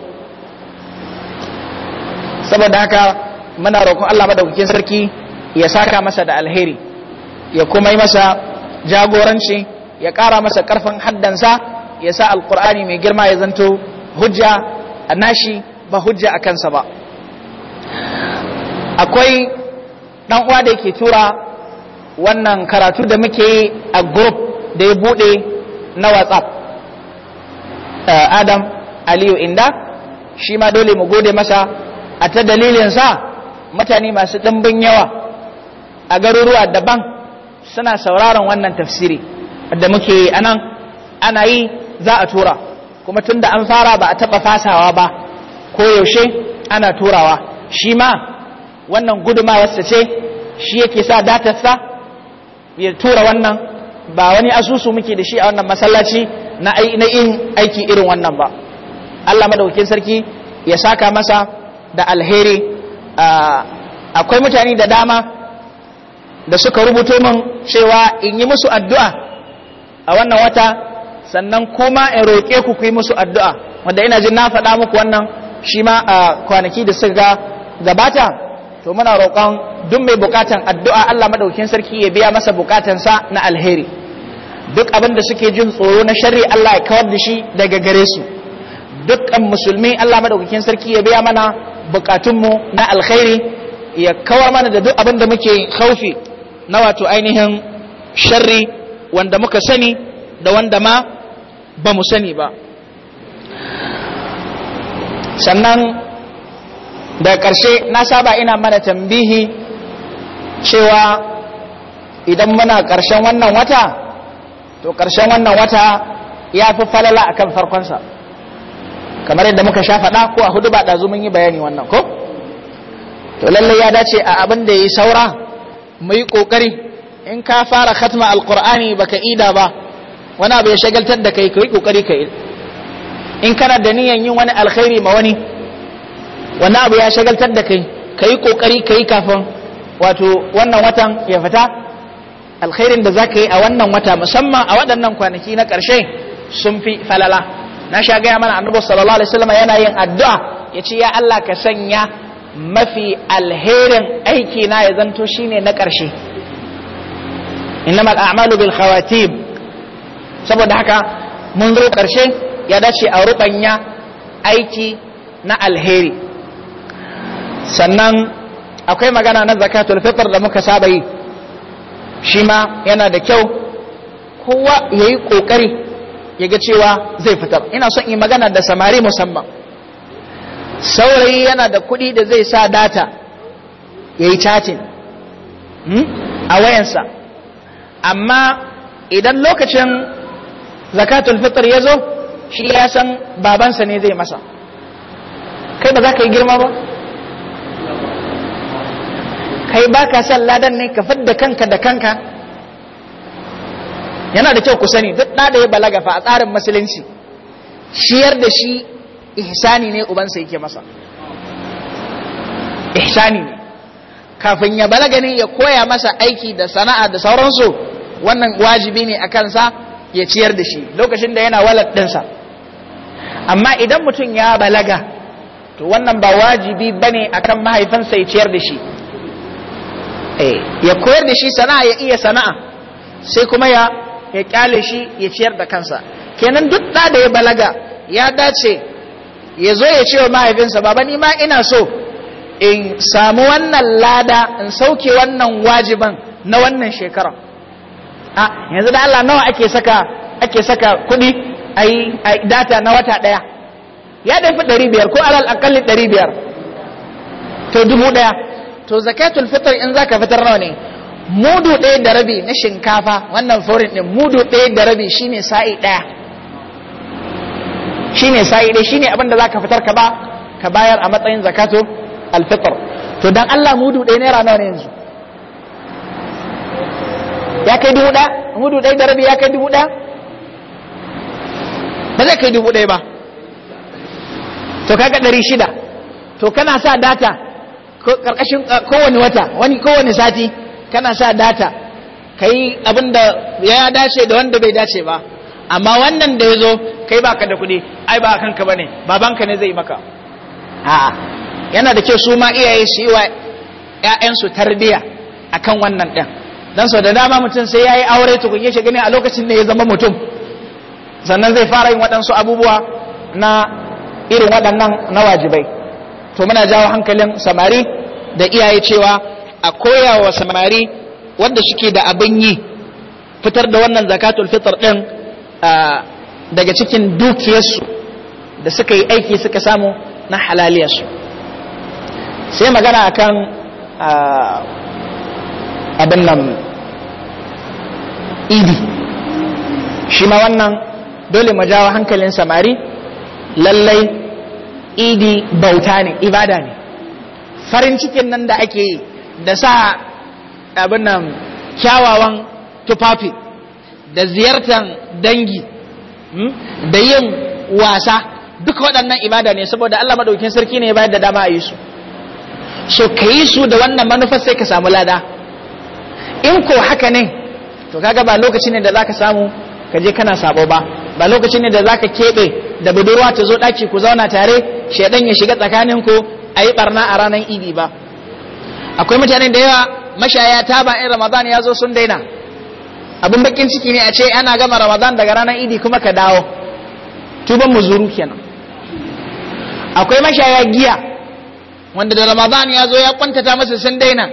Speaker 1: saboda haka muna roƙon Allah madaukakin sarki ya saka masa da alheri ya kuma yi masa jagoranci ya ƙara masa ƙarfin haddansa ya sa alƙur'ani mai girma ya zanto hujja a nashi ba hujja a kansa ba akwai dan uwa da yake tura wannan karatu da muke yi a group da ya bude na whatsapp eh, adam aliyu inda shi ma dole mu gode masa a ta dalilin sa mutane masu ɗimbin yawa a garuruwa daban suna sauraron wannan tafsiri da muke yi a nan ana yi za a tura kuma tun da an fara ba a taɓa fasawa ba Koyaushe ana turawa shi ma wannan gudumawarsa ce shi yake sa datarsa ya tura wannan ba wani asusu muke da shi a wannan masallaci na yin aiki irin wannan ba Allah madaukin sarki ya saka masa da alheri akwai mutane da dama da suka rubuto min cewa in yi musu addu'a a wannan wata sannan kuma in roƙe ku yi musu addu'a wanda ina jin na faɗa muku wannan shi ma a kwanaki da suka gabata to muna roƙon duk mai bukatan addu'a Allah madaukin sarki ya biya masa sa na alheri duk abin da suke jin tsoro na sharri Allah ya kawar da shi daga gare su dukkan musulmi Allah madaukin sarki ya biya mana mu na alheri ya kawar mana da duk abin da muke khaufi na wato ainihin sharri wanda muka sani da wanda ma ba mu sani ba sannan da ƙarshe na saba ina mana tambihi cewa idan muna ƙarshen wannan wata to ƙarshen wannan wata ya fi falala a kan farkonsa kamar yadda muka sha faɗa ko a hudu ba ɗazu mun yi bayani wannan ko to lallai ya dace a abin da ya yi saura mu yi ƙoƙari in ka fara khatma alƙur'ani baka ida ba wani abu ya shagaltar da kai ka yi ƙoƙari ka in kana da niyan yin wani alkhairi ma wani wannan abu ya shagaltar da kai ka yi ƙoƙari ka yi kafin wato wannan watan ya fita alkhairin da za ka yi a wannan wata musamman a waɗannan kwanaki na ƙarshe sun fi falala na sha gaya mana annabi sallallahu alaihi wasallam yana yin addu'a ya ce ya Allah ka sanya mafi alherin aiki na ya zanto shine na ƙarshe innamal a'malu bil khawatim saboda haka mun zo ƙarshe ya dace a rubanya aiki na alheri sannan akwai magana na zakatul fitr da muka saba yi shi ma yana da kyau kowa ya yi ƙoƙari ya ga cewa zai fitar ina son yi magana da samari musamman saurayi yana da kuɗi da zai sa data ya yi chatin. Hmm, a wayansa amma idan lokacin zakatul fitr ya zo shi ya san babansa ne zai masa kai ba za ka yi girma ba kai baka san ladan ne ka fidda kanka da kanka yana da kyau ku sani duk da ya balaga fa a tsarin musulunci shiyar da shi ihsani ne ubansa yake masa ihsani ne kafin ya balaga ne ya koya masa aiki da sana'a da sauransu wannan wajibi ne a kansa ya ciyar da shi lokacin da yana walad ɗinsa amma idan mutum ya balaga to wannan ba wajibi bane akan mahaifinsa ya ciyar da shi Eh, ya koyar da shi sana'a ya iya sana'a sai kuma ya ya kyale shi ya ciyar da kansa kenan duk da da ya balaga ya dace ya zo ya ce wa mahaifinsa baba ni ma ina so in samu wannan lada in sauke wannan wajiban na wannan shekara a yanzu da Allah nawa ake saka ake saka kuɗi ai data na wata ɗaya ya dafi ɗari ko alal akalli ɗari to dubu ɗaya to zakatul fitr in zaka fitar nawa ne mudu ɗaya da rabi na shinkafa wannan forin ɗin mudu ɗaya da rabi shine sa'i ɗaya shine sa'i ɗaya shine abin da zaka fitar ka ba ka bayar a matsayin zakatul alfitr to dan Allah mudu ɗaya naira nawa ne yanzu ya kai dubu ɗaya mudu ɗaya da rabi ya kai dubu ɗaya ba zai kai dubu ɗaya ba to kaga ɗari shida to kana sa data karkashin uh, kowane wata wani kowane sati kana sa data kai abin da ya dace da wanda bai dace ba amma wannan da ya zo kai baka da kuɗi ai ba kanka bane babanka ne zai maka a'a yana da kyau su ma iyaye su yi wa 'ya'yansu tarbiya akan wannan ɗin dan so da dama mutum sai yayi aure tukun ya shi ne a lokacin da ya zama mutum sannan zai fara yin waɗansu abubuwa na irin waɗannan na wajibai to muna jawo hankalin samari da iyaye cewa a koyawa samari wanda suke da abin yi fitar da wannan zakatul fitr din daga cikin dukiyarsu da suka yi aiki suka samu na halaliyarsu sai magana akan abin nan idi shi ma wannan dole mu jawo hankalin samari lallai idi bauta ne ibada ne farin cikin nan da ake yi da sa abin nan kyawawan tufafi da ziyartar dangi hmm, da yin wasa duk waɗannan ibada ne saboda Allah maɗaukin sarki ne ya bayar da dama a yi su so ka yi su da wannan manufar sai ka samu lada in ko haka ne to kaga ba lokaci ne da zaka samu ka je kana sabo ba ba lokacin ne da za ka keɓe da budurwa ta zo ɗaki ku zauna tare shaidan ya shiga tsakanin ku a yi ɓarna a ranar idi ba akwai mutane da yawa mashaya ta ba in ramadan ya zo sun daina abin bakin ciki ne a ce ana gama ramadan daga ranar idi kuma ka dawo tuban zuru kenan akwai mashaya giya wanda da ramadan ya zo ya kwantata masa sun daina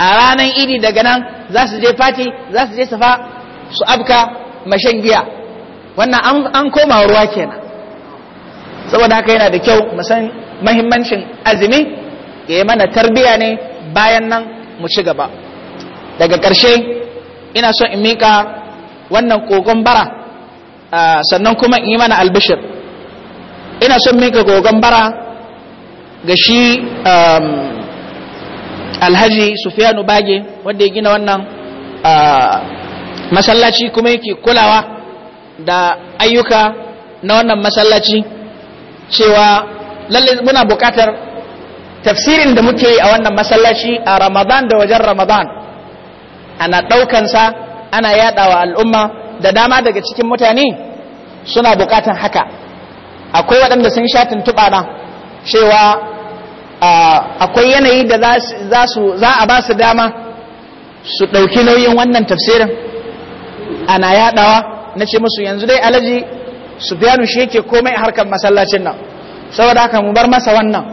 Speaker 1: a ranar idi daga nan za su je fati za su je safa su abka mashan giya wannan an koma ruwa kenan saboda haka yana da kyau musan mahimmancin azumi ya yi mana tarbiya ne bayan nan mu ci gaba daga ƙarshe ina son in miƙa wannan kogon bara sannan kuma in yi mana albishir ina son miƙa kogon bara ga shi um, alhaji sufiyanu bage wanda ya gina wannan masallaci kuma yake kulawa da ayyuka na wannan masallaci cewa lalle muna buƙatar tafsirin da muke yi a wannan masallaci a ramadan da wajen ramadan ana ɗaukansa ana yaɗawa al'umma da dama daga cikin mutane suna buƙatar haka akwai waɗanda sun sha tuntuɓa na cewa akwai yanayi da za a ba su dama su ɗauki nauyin wannan tafsirin ana yadawa na ce musu yanzu dai alaji biyanu shi yake komai a harkar masallacin nan saboda haka mu bar masa wannan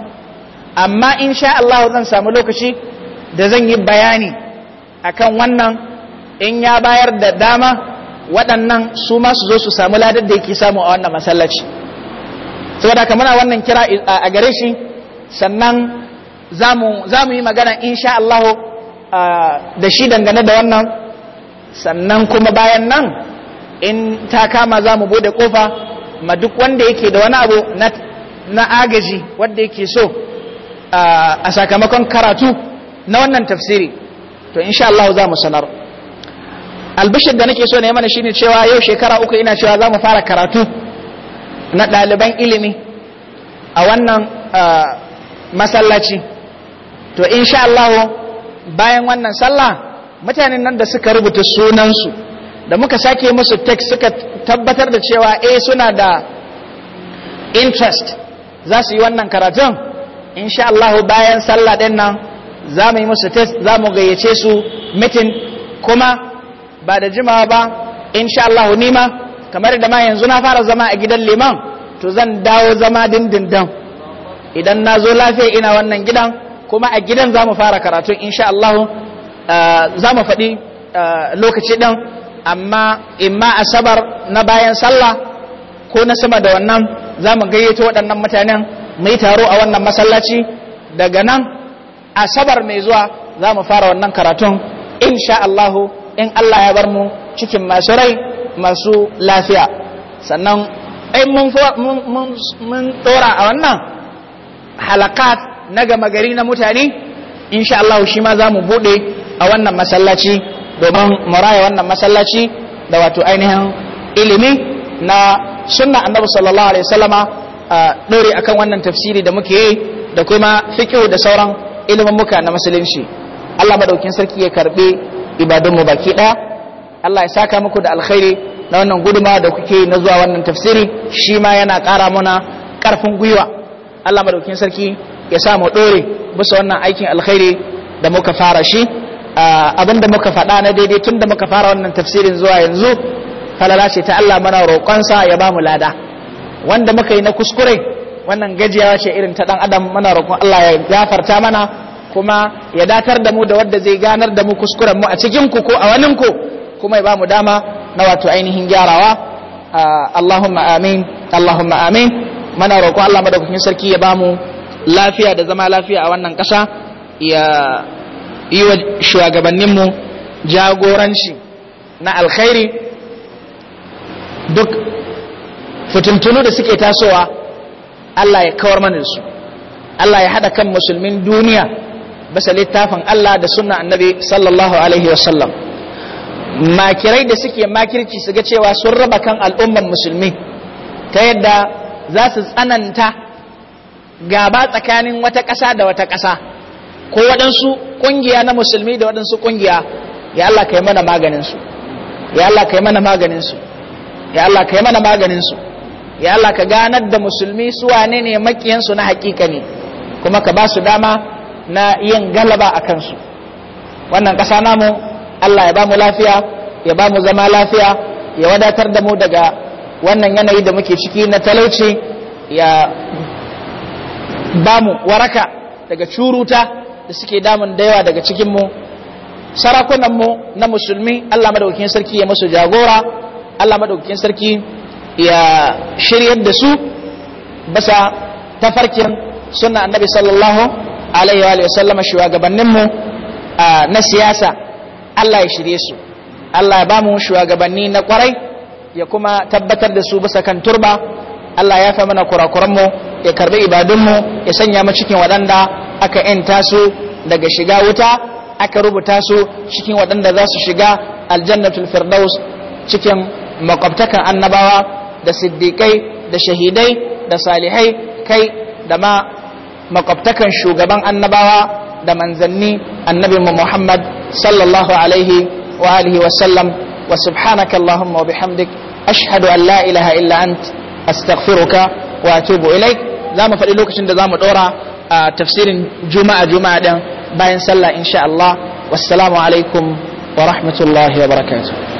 Speaker 1: amma insha Allah zan samu lokaci da zan yi bayani akan wannan in ya bayar da dama waɗannan su ma su zo su samu ladar da yake samu a wannan masallaci saboda haka muna wannan kira a gare shi sannan za mu yi magana insha Allah ah, da shi dangane da wannan sannan kuma bayan nan in ta kama za mu bude kofa ma duk wanda yake da wani abu na agaji wanda yake so a sakamakon karatu na wannan tafsiri to insha Allah za mu sanar albishir da nake so na mana shine cewa yau shekara uku ina cewa za mu fara karatu na ɗaliban ilimi a wannan masallaci to insha Allah bayan wannan sallah mutanen nan da suka rubuta sunansu da muka sake musu text suka tabbatar da cewa eh suna da interest za su yi wannan karatun insha Allah bayan sallah din nan za mu yi musu test za mu gayyace su meeting kuma ba da jimawa ba insha Allah nima kamar da ma yanzu na fara zama a gidan liman to zan dawo zama dindindin idan na zo lafiya ina wannan gidan kuma a gidan za mu fara karatun insha Allah Eh, za mu faɗi eh, lokaci ɗin amma imma asabar na bayan sallah ko na sama da wannan za mu gayyato waɗannan mutanen mu yi taro a wannan masallaci daga nan asabar mai zuwa za mu fara wannan karatun insha Allahu in Allah ya bar mu cikin masu rai masu lafiya sannan in mun tsora a wannan halakat na gama gari na mutane insha allahu shi ma za mu buɗe a wannan masallaci domin muraya wannan masallaci da wato ainihin ilimi na sunna annabi sallallahu alaihi wasallama a dore akan wannan tafsiri da muke yi da kuma fiqh da sauran ilimin muka na musulunci Allah madaukin sarki ya karbe ibadunmu baki ɗaya. Allah ya saka muku da alkhairi na wannan guduma da kuke na zuwa wannan tafsiri shi ma yana ƙara mana ƙarfin gwiwa Allah madaukin sarki ya sa mu dore bisa wannan aikin alkhairi da muka fara shi Abin da muka faɗa na daidai tun da muka fara wannan tafsirin zuwa yanzu falala ce ta Allah mana roƙonsa ya ba mu lada wanda muka yi na kuskure wannan gajiyawa ce irin ta ɗan adam mana roƙon Allah ya gafarta mana kuma ya datar da mu da wadda zai ganar da mu kuskuren mu a cikin ku ko a wanin ku kuma ya ba mu dama na wato ainihin gyarawa Allahumma amin Allahumma amin mana roƙon Allah madaukakin sarki ya ba mu lafiya da zama lafiya a wannan kasa ya yi wa shugabanninmu jagoranci na alkhairi duk fitintunu da suke tasowa Allah ya kawar mana su Allah ya haɗa kan musulmin duniya basa littafin Allah da sunna annabi sallallahu alaihi wasallam makirai da suke makirci su ga cewa sun raba kan al'umman musulmi ta yadda za su tsananta gaba tsakanin wata ƙasa da wata ƙasa ko waɗansu kungiya na musulmi da waɗansu kungiya ya Allah kai mana maganin su ya Allah kai mana maganin su ya Allah kai mana maganin su ya Allah ka ganar da musulmi su wane ne makiyan su na hakika ne kuma ka ba su dama na yin galaba a kansu wannan ƙasa namu Allah ya ba mu lafiya ya ba mu zama lafiya ya wadatar da mu daga wannan yanayi da muke ciki na talauci ya ba mu waraka daga curuta da suke damun da yawa daga cikinmu sarakunanmu na musulmi Allah madaukakin sarki ya musu jagora Allah madaukakin sarki ya shiryar da su basa tafarkin sunna annabi sallallahu alaihi wa sallama mu na siyasa Allah ya shirye su Allah ya bamu mu shugabanni na kwarai ya kuma tabbatar da su basa kan turba Allah ya fa mana kurakuranmu ya karbi ibadunmu ya sanya mu cikin waɗanda aka yanta su daga shiga wuta aka rubuta su cikin waɗanda za su shiga aljannatul firdaus cikin makwabtakan annabawa da siddiƙai da shahidai da salihai kai da ma makwabtakan shugaban annabawa da manzanni annabi Muhammad sallallahu alaihi wa alihi wa sallam wa subhanaka Allahumma wa bihamdik ashhadu an la ilaha illa anta astaghfiruka wa atubu ilaik za mu faɗi lokacin da za mu ɗora a tafsirin juma'a juma'a ɗin bayan sallah insha Allah wassalamu alaikum wa rahmatullahi wa barakatuh